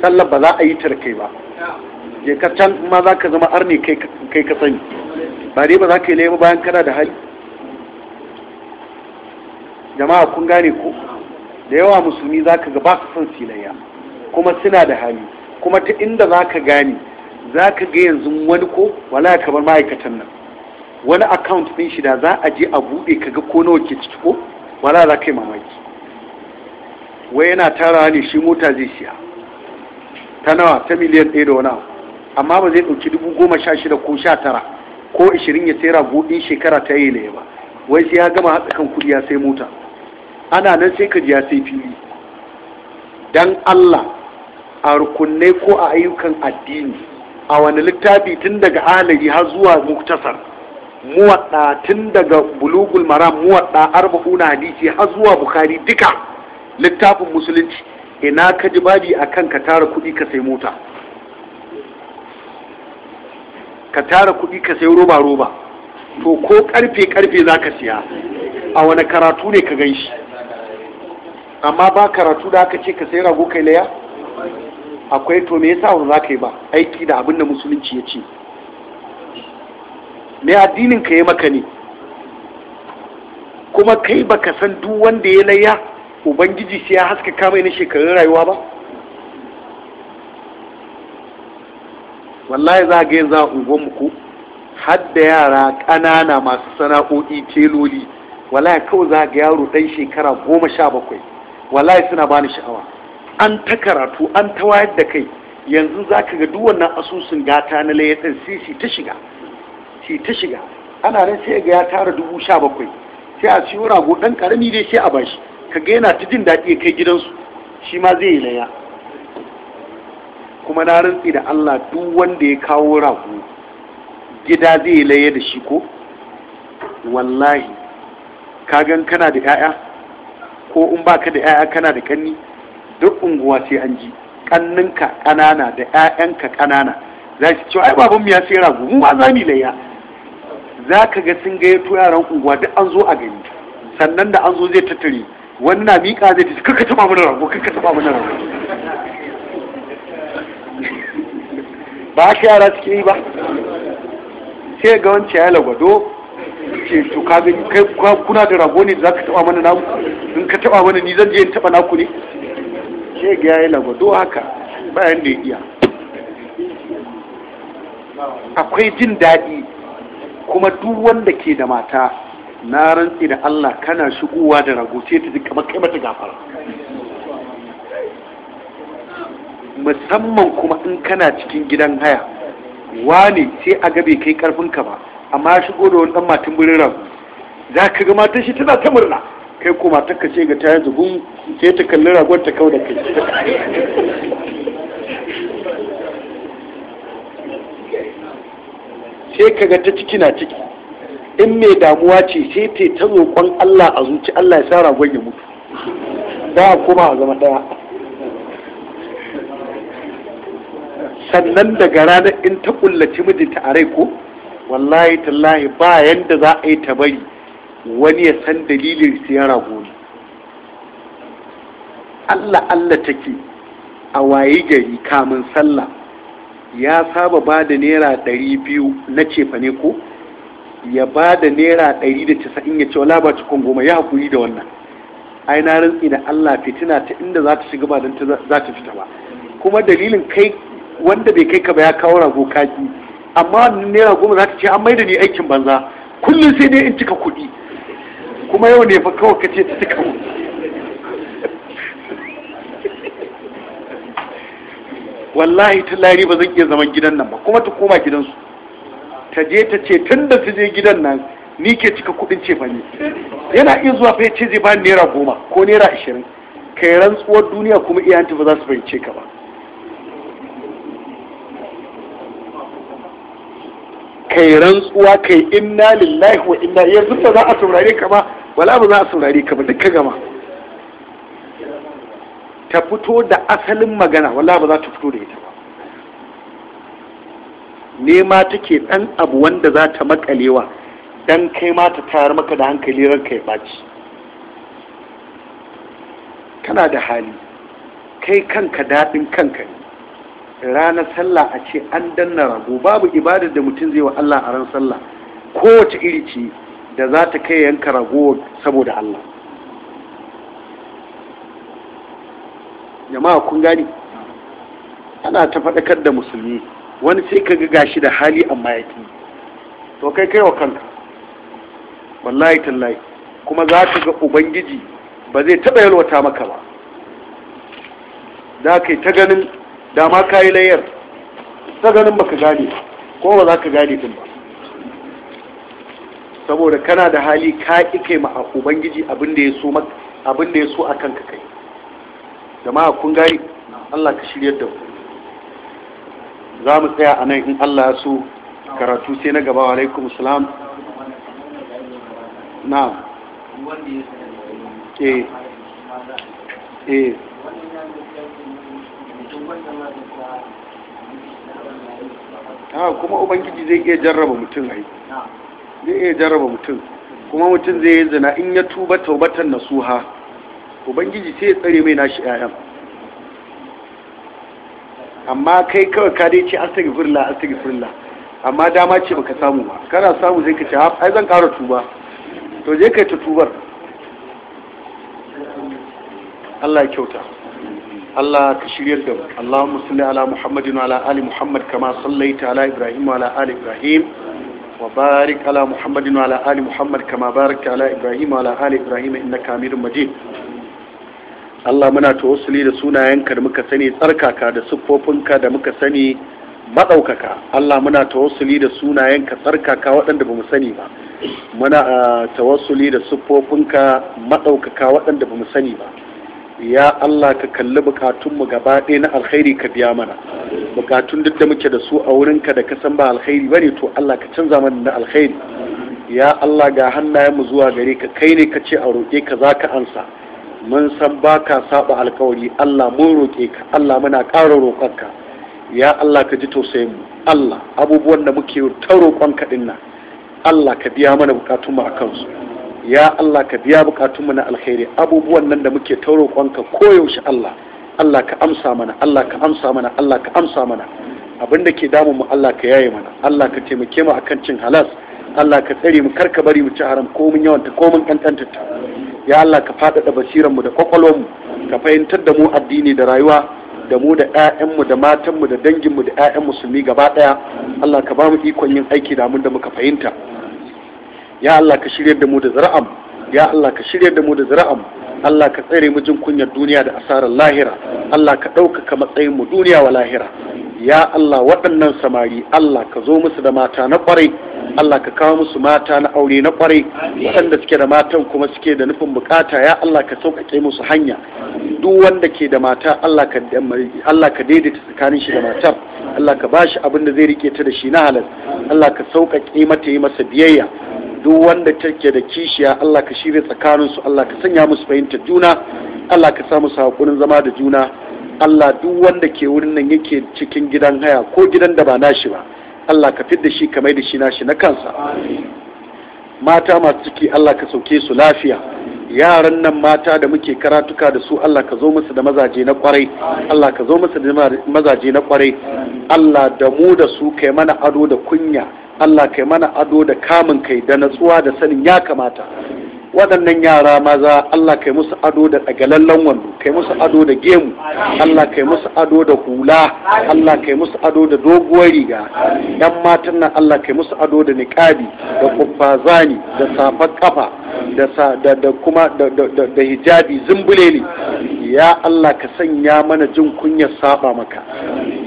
sallar ba za a yi tarkai ba je ka can ma za ka zama arni kai ka sani ba dai ba za ka yi lema bayan kana da hali jama'a kun gane ko da yawa musulmi za ka ga ba su son silayya kuma suna da hali kuma ta inda za ka gane za ka ga yanzu wani ko wala kamar ma'aikatan nan wani account din shi da za a je a buɗe kaga ko nawa ke ciki ko wala za ka mamaki wai yana tara ne shi mota zai siya ta nawa ta miliyan ɗaya da wani abu amma ba zai ɗauki dubu goma sha shida ko sha tara ko ashirin ya sai rago shekara ta yi laye ba wai sai ya gama haɗa kan kuɗi ya sai mota ana nan sai ka ji ya sai fili dan Allah a rukunai ko a ayyukan addini a wani littafi tun daga alari har zuwa muktasar muwadda tun daga bulugul maram muwadda arba'una hadisi har zuwa bukhari duka littafin musulunci ina ka ji babi akan ka tara kuɗi ka sai mota ka tara kuɗi ka sai roba roba to ko karfe karfe za ka siya a wani karatu ne ka gan amma ba karatu da aka ce ka sai rago kai laya akwai to me yasa wani za ka yi ba aiki da abin da musulunci ya ce Ne addinin ka ya maka ne kuma kai baka san duk wanda ya laya ubangiji sai ya haskaka mai na shekarun rayuwa ba wallahi za ga yanzu a unguwanmu ko hadda yara ƙanana masu sana'o'i teloli wallahi kawai za ga yaro ɗan shekara goma sha bakwai wallahi suna bani sha'awa an ta karatu an ta wayar da kai yanzu za ka ga duk wannan asusun gata na layatan sisi ta shiga shi ta shiga ana nan sai ga ya tara dubu sha bakwai sai a siyo rago ɗan ƙarami dai sai a bashi ka ga yana ta jin daɗi ya kai gidansu shi ma zai yi laya kuma na rantsi da Allah duk wanda ya kawo rago gida zai laye da shi ko wallahi ka gan kana da 'ya'ya ko in baka da 'ya'ya kana da kanni duk unguwa sai an ji kanninka ƙanana da ƴaƴanka ƙanana za su ce ai babanmu ya sai rago mu ma za mu laya za ka ga sun gayyato yaran unguwa duk an zo a gani sannan da an zo zai tattare wani na miƙa zai ta kaka taɓa mana rago kaka taɓa mana rago ba haka yara suke yi ba sai ga wancan ya lagwado ce to ka gani kai kuna da rago ne za ka taɓa mana namu in ka taɓa mana ni zan je in taɓa naku ne sai ga ya yi lagwado haka bayan da ya iya akwai jin daɗi kuma duk wanda ke da mata na rantsi da Allah kana shigowa da ragoce ta duka kai mata gafara musamman kuma in kana cikin gidan haya wane sai a gabe kai karfin ka ba amma shigo da wani dan matan birin za ka ga matan shi tana ta murna kai ko matar ka ce ga ta gun sai ta kalli ragon ta kau da kai sai kaga ta ciki na ciki in mai damuwa ce sai ta ta roƙon Allah a zuci Allah ya sa ragon ya mutu ba a koma a zama ɗaya sannan daga ranar in ta ƙullaci mijinta a rai ko wallahi tallahi ba yanda za a yi ta bari wani ya san dalilin ya rago ne Allah Allah take a waye gari kamun sallah ya saba ba da naira ɗari biyu na cefane ko ya ba da naira ɗari da casa'in ya ce wala ba cikin goma ya haƙuri da wannan ai na rantsi da Allah fitina ta inda za ta shiga ba don za ta fita ba kuma dalilin kai wanda bai kai ka ba ya kawo rago kaki amma naira goma za ta ce an mai da ni aikin banza kullum sai dai in cika kuɗi kuma yau ne fa kawai ka ce ta cika kuɗi wallahi ta lari ba zan iya zaman gidan nan ba kuma ta koma gidansu ta je ta ce tun da ta je gidan nan ni ke cika kudin cefane. yana iya zuwa fa ce zai bani naira goma ko naira ashirin kai rantsuwar duniya kuma iyayenta ba za su fahimce ka ba kai rantsuwa kai inna lillahi wa inna yanzu ba za a saurare ka ba wala ba za a saurare ka ba dukkan gama ta fito da asalin magana wallahi ba za ta fito da ita ba nema take ɗan abu wanda za ta makalewa dan kai ma ta tayar maka da hankali ranka ya baci kana da hali kai kanka daɗin kanka ne ranar sallah a ce an danna rago babu ibadar da mutum zai wa Allah a ran sallah kowace iri ce da za ta kai yanka rago saboda Allah jama'a kun gani ana ta faɗakar da musulmi wani sai ka ga gashi da hali amma ya ki to kai kai wa kanka wallahi tallahi kuma za ka ga ubangiji ba zai taɓa yalwata maka ba za ka yi ta ganin dama ka yi layar ta ganin baka gane ko ba za ka gane din ba saboda kana da hali ka ƙi kai ma ubangiji abin da ya so a kanka kai jama'a kun gari Allah ka shiryar da za mu tsaya a nan in Allah ya so karatu sai na gaba wa alaikum salam na ke eh. ke eh. ha ah, kuma ubangiji zai iya jarraba mutum ai zai iya jarraba mutum kuma mutum zai yi zina in ya tuba taubatan nasuha ubangiji sai ya tsare mai nashi ƴaƴan amma kai kawai ka dai ce astaghfirullah astaghfirullah amma dama ce baka samu ba kana samu zai ka ce ai zan ƙara tuba to je kai ta tubar Allah ya kyauta Allah ka shiryar da mu Allahumma salli ala Muhammadin wa ala ali Muhammad kama sallaita ala Ibrahim wa ala ali Ibrahim wa barik ala Muhammadin wa ala ali Muhammad kama barakta ala Ibrahim wa ala ali Ibrahim innaka Hamidum Majid Allah muna tawassuli da sunayenka da muka sani tsarkaka da siffofinka da muka sani maɗaukaka Allah muna tawassuli da sunayenka tsarkaka waɗanda ba sani ba muna tawassuli da siffofinka maɗaukaka waɗanda ba mu sani ba ya Allah ka kalli bukatunmu gaba ɗaya na alkhairi ka biya mana bukatun duk da muke da su a wurinka da ka san ba alkhairi ne, to Allah ka canza mana na alkhairi ya Allah ga hannayenmu zuwa gare ka kai ne ka ce a roƙe ka za ka ansa mun san ba ka saba alkawari Allah mun roƙe ka Allah muna ƙara roƙonka ya Allah ka ji tausayin mu Allah abubuwan da muke ta roƙonka din nan Allah ka biya mana mu a kansu ya Allah ka biya mu na alkhairi abubuwan nan da muke ta roƙonka koyaushe Allah Allah ka amsa mana Allah ka amsa mana Allah ka amsa mana abin da ke damun mu Allah ka yaye mana Allah ka taimake mu akan cin halas Allah ka tsare mu karka bari mu ci haram ko mun yawanta ko mun kankanta ya Allah ka faɗaɗa basiranmu da kwakwalwarmu ka fahimtar da mu addini da rayuwa da mu da 'ya'yanmu da matanmu da danginmu da 'ya'yan musulmi gaba ɗaya Allah ka ba mu ikon yin aiki da mun da muka fahimta ya Allah ka shirya da mu da zara'am ya Allah ka shirya da mu da zara'am Allah ka tsare mu jin kunyar duniya da asarar lahira Allah ka ɗaukaka matsayin mu duniya wa lahira ya Allah waɗannan samari Allah ka zo musu da mata na ƙwarai Allah ka kawo musu mata na aure na kwarai waɗanda suke da matan kuma suke da nufin bukata ya Allah ka sauƙaƙe musu hanya duk wanda ke da mata Allah ka Allah ka daidaita tsakanin shi da matar Allah ka bashi abin da zai rike ta da shi na halal Allah ka sauƙaƙe mata yi masa biyayya duk wanda take da kishiya Allah ka shirya tsakaninsu Allah ka sanya musu fahimtar juna Allah ka sa musu hakurin zama da juna Allah duk wanda ke wurin nan yake cikin gidan haya ko gidan da ba nashi ba Allah ka fidda shi ka da shi nashi na kansa mata masu ciki Allah ka sauke su lafiya yaran nan mata da muke karatuka da su Allah ka zo musu da mazaje na kwarai Allah ka zo musu da mazaje na kwarai Allah da mu da su kai mana ado da kunya Allah kai mana ado da kamun kai da natsuwa da sanin ya kamata waɗannan yara maza Allah kai musu ado da tsagalallen wando kai musu ado da gemu Allah kai musu ado da hula Allah kai musu ado da doguwar riga ɗan matan nan Allah kai musu ado da niƙabi da kuffazani da safar kafa da kuma da hijabi zumbulele ya Allah ka sanya mana jin kunyar saba maka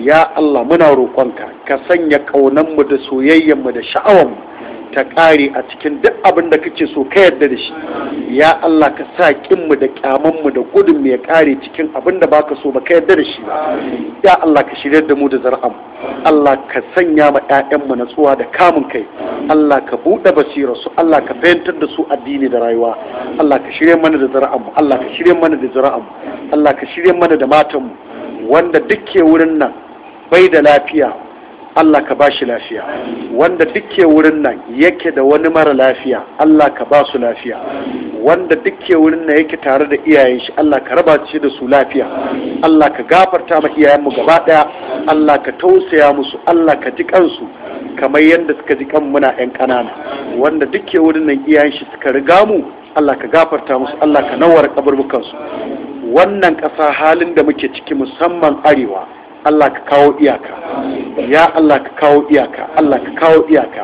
ya Allah muna roƙonka ka sanya ƙaunanmu da soyayyanmu da sha'awanmu ta ƙare a cikin duk abin da kake so ka yarda da shi ya Allah ka sa kinmu da kyamanmu da gudun mu ya ƙare cikin abin da baka so ba ka yarda da shi ya Allah ka shirya da mu da zar'am Allah ka sanya ma ƴaƴanmu natsuwa da kamun kai Allah ka buɗe basira su Allah ka fahimtar da su addini da rayuwa Allah ka shirya mana da zar'am Allah ka shirya mana da zar'am Allah ka shirya mana da matanmu wanda duk ke wurin nan bai da lafiya Allah ka ba shi lafiya wanda dukke wurin nan yake da wani mara lafiya Allah ka ba su lafiya wanda dukke wurin nan yake tare da iyayen shi Allah ka raba shi da su lafiya Allah ka gafarta ma iyayen mu gaba daya Allah ka tausaya musu Allah ka ji kansu kamar yadda suka ji kan muna yan ƙanana. wanda dukke wurin nan iyayen shi suka riga mu Allah ka gafarta musu Allah ka nawar kaburbukan su wannan ƙasa halin da muke ciki musamman arewa Allah ka kawo iyaka ya Allah ka kawo iyaka Allah ka kawo iyaka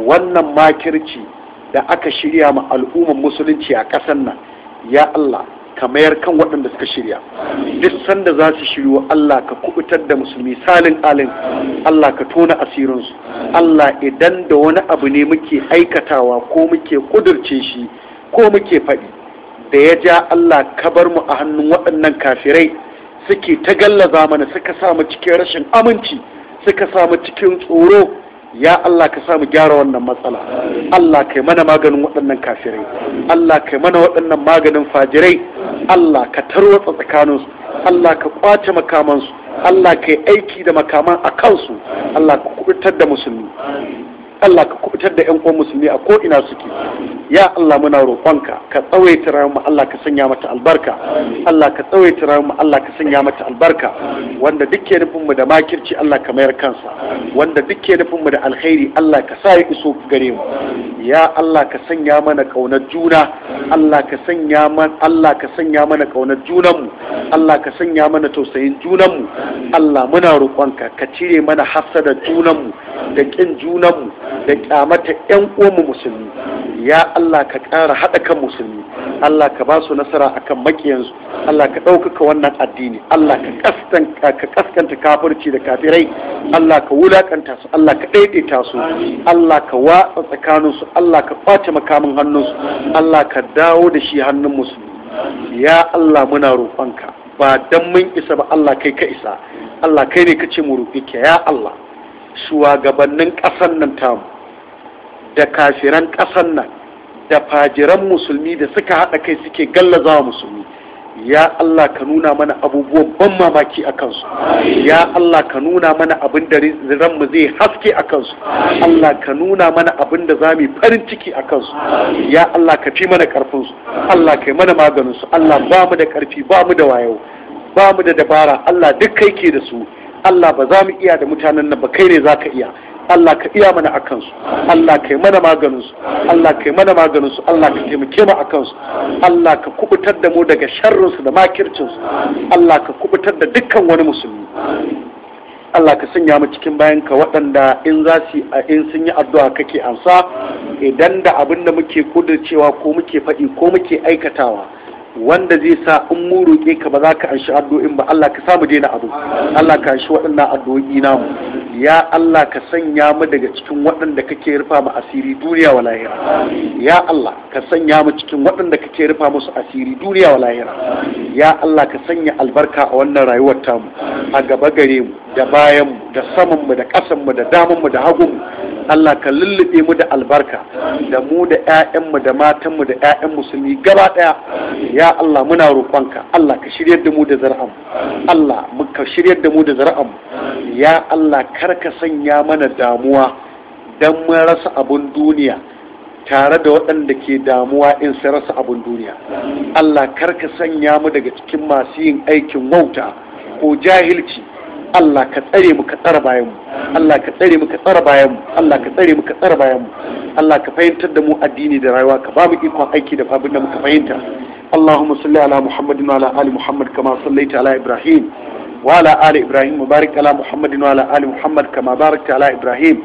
wannan makirci da aka shirya ma al'umman musulunci a ƙasar nan ya Allah ka mayar kan waɗanda suka shirya duk sanda za su shiryo Allah ka kubutar da musulmi salin alin Allah ka tona asirinsu Allah idan da wani abu ne muke aikatawa ko muke kudurce shi ko muke faɗi da ya ja Allah ka bar mu a hannun waɗannan kafirai suke ta gallaza mana suka samu cikin rashin aminci suka samu cikin tsoro ya Allah ka samu gyara wannan matsala Allah kai mana maganin waɗannan kafirai Allah kai mana waɗannan maganin fajirai Allah ka tarwatsa tsakaninsu Allah ka kwace makamansu Allah ka aiki da makaman a kansu Allah ka kubutar da musulmi Allah ka kubutar da yan uwan musulmi a ko ina suke ya Allah muna roƙonka ka tsawaita rayuwar mu Allah ka sanya mata albarka Allah ka tsawaita rayuwar mu Allah ka sanya mata albarka wanda duk nufin mu da makirci Allah ka mayar kansa wanda duke nufinmu nufin mu da alkhairi Allah ka sa ya iso gare mu ya Allah ka sanya mana kaunar juna Allah ka sanya mana Allah ka sanya mana kaunar junanmu Allah ka sanya mana tausayin junanmu Allah muna roƙonka ka cire mana hafsadar junanmu da ƙin junanmu da kyamata yan uwanmu musulmi ya Allah ka ƙara haɗa kan musulmi Allah ka ba su nasara akan makiyansu Allah ka ɗaukaka wannan addini Allah ka kaskanta kafirci da kafirai Allah ka wulakanta su Allah ka ɗaiɗaita su Allah ka watsa tsakaninsu Allah ka ƙwace makamin hannunsu Allah ka dawo da shi hannun musulmi ya Allah muna roƙonka ba dan mun isa ba Allah kai ka isa Allah kai ne ka mu mu roƙe ya Allah shugabannin ƙasar nan tamu da kafiran ƙasar nan da fajiran musulmi da suka haɗa kai suke gallaza wa musulmi ya Allah ka nuna mana abubuwan ban mamaki a kansu ya Allah ka nuna mana abin da ranmu zai haske a kansu Allah ka nuna mana abin da za mu farin ciki a kansu ya Allah ka fi mana karfinsu Allah ka yi mana maganinsu Allah ba mu da ƙarfi, ba mu da wayo ba mu da dabara Allah duk kai ke da su Allah ba za mu iya da mutanen nan ba kai ne za ka iya Allah ka iya mana a kansu Allah ka yi mana maganinsu Allah ka yi mana maganinsu Allah ka taimake mu a kansu Allah ka kubutar da mu daga sharrinsu da makircinsu Allah ka kubutar da dukkan wani musulmi Allah ka sanya mu cikin bayan ka waɗanda in za su in sun yi addu'a kake amsa, idan da abin da muke kudircewa ko muke faɗi ko muke aikatawa wanda zai sa in mu roƙe ka ba za ka anshi addu'o'in ba Allah ka sa mu daina abu Allah ka anshi waɗannan addu'o'i namu ya Allah ka sanya mu daga cikin waɗanda kake rufa mu asiri duniya wa lahira ya Allah ka sanya mu cikin waɗanda kake rufa musu asiri duniya wa lahira ya Allah ka sanya albarka a wannan rayuwar tamu a gaba gare mu da bayan mu da saman mu da ƙasan mu da daman mu da hagun mu Allah ka lullube mu da albarka da mu da 'ya'yan mu da matan mu da 'ya'yan musulmi gaba ɗaya ya ya Allah muna roƙonka Allah ka shiryar da mu da zar'am Allah ka shiryar da mu da zar'am ya Allah kar ka sanya mana damuwa dan mun rasa abun duniya tare da waɗanda ke damuwa in sai rasa abun duniya Allah kar ka sanya mu daga cikin masu yin aikin wauta ko jahilci Allah ka tsare mu ka tsare bayan mu Allah ka tsare mu ka tsare bayan mu Allah ka tsare mu ka tsare bayan mu Allah ka fahimtar da mu addini da rayuwa ka ba mu ikon aiki da abin da muka fahimta اللهم صل على محمد وعلى آل محمد كما صليت على إبراهيم وعلى آل إبراهيم وبارك على محمد وعلى آل محمد كما باركت على إبراهيم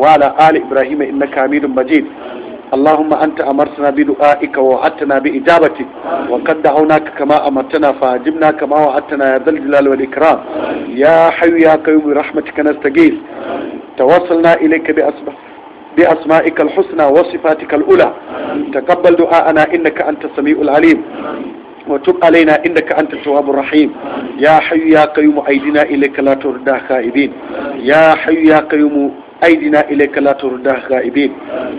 وعلى آل إبراهيم إنك حميد مجيد اللهم أنت أمرتنا بدعائك ووعدتنا بإجابتك وقد دعوناك كما أمرتنا فأجبنا كما وعدتنا يا ذا الجلال والإكرام يا حي يا قيوم برحمتك نستغيث توصلنا إليك بأسباب بأسمائك الحسنى وصفاتك الأولى تقبل دعاءنا إنك أنت السميع العليم وتب علينا إنك أنت التواب الرحيم يا حي يا قيوم أيدنا إليك لا تردى خائبين يا حي يا قيوم أيدنا إليك لا تردى غائبين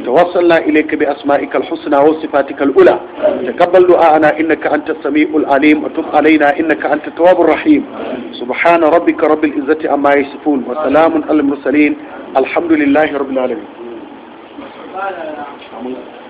توصلنا إليك بأسمائك الحسنى وصفاتك الأولى تقبل دعاءنا إنك أنت السميع العليم وتب علينا إنك أنت التواب الرحيم سبحان ربك رب العزة عما يصفون وسلام على المرسلين الحمد لله رب العالمين 来了呀，他们。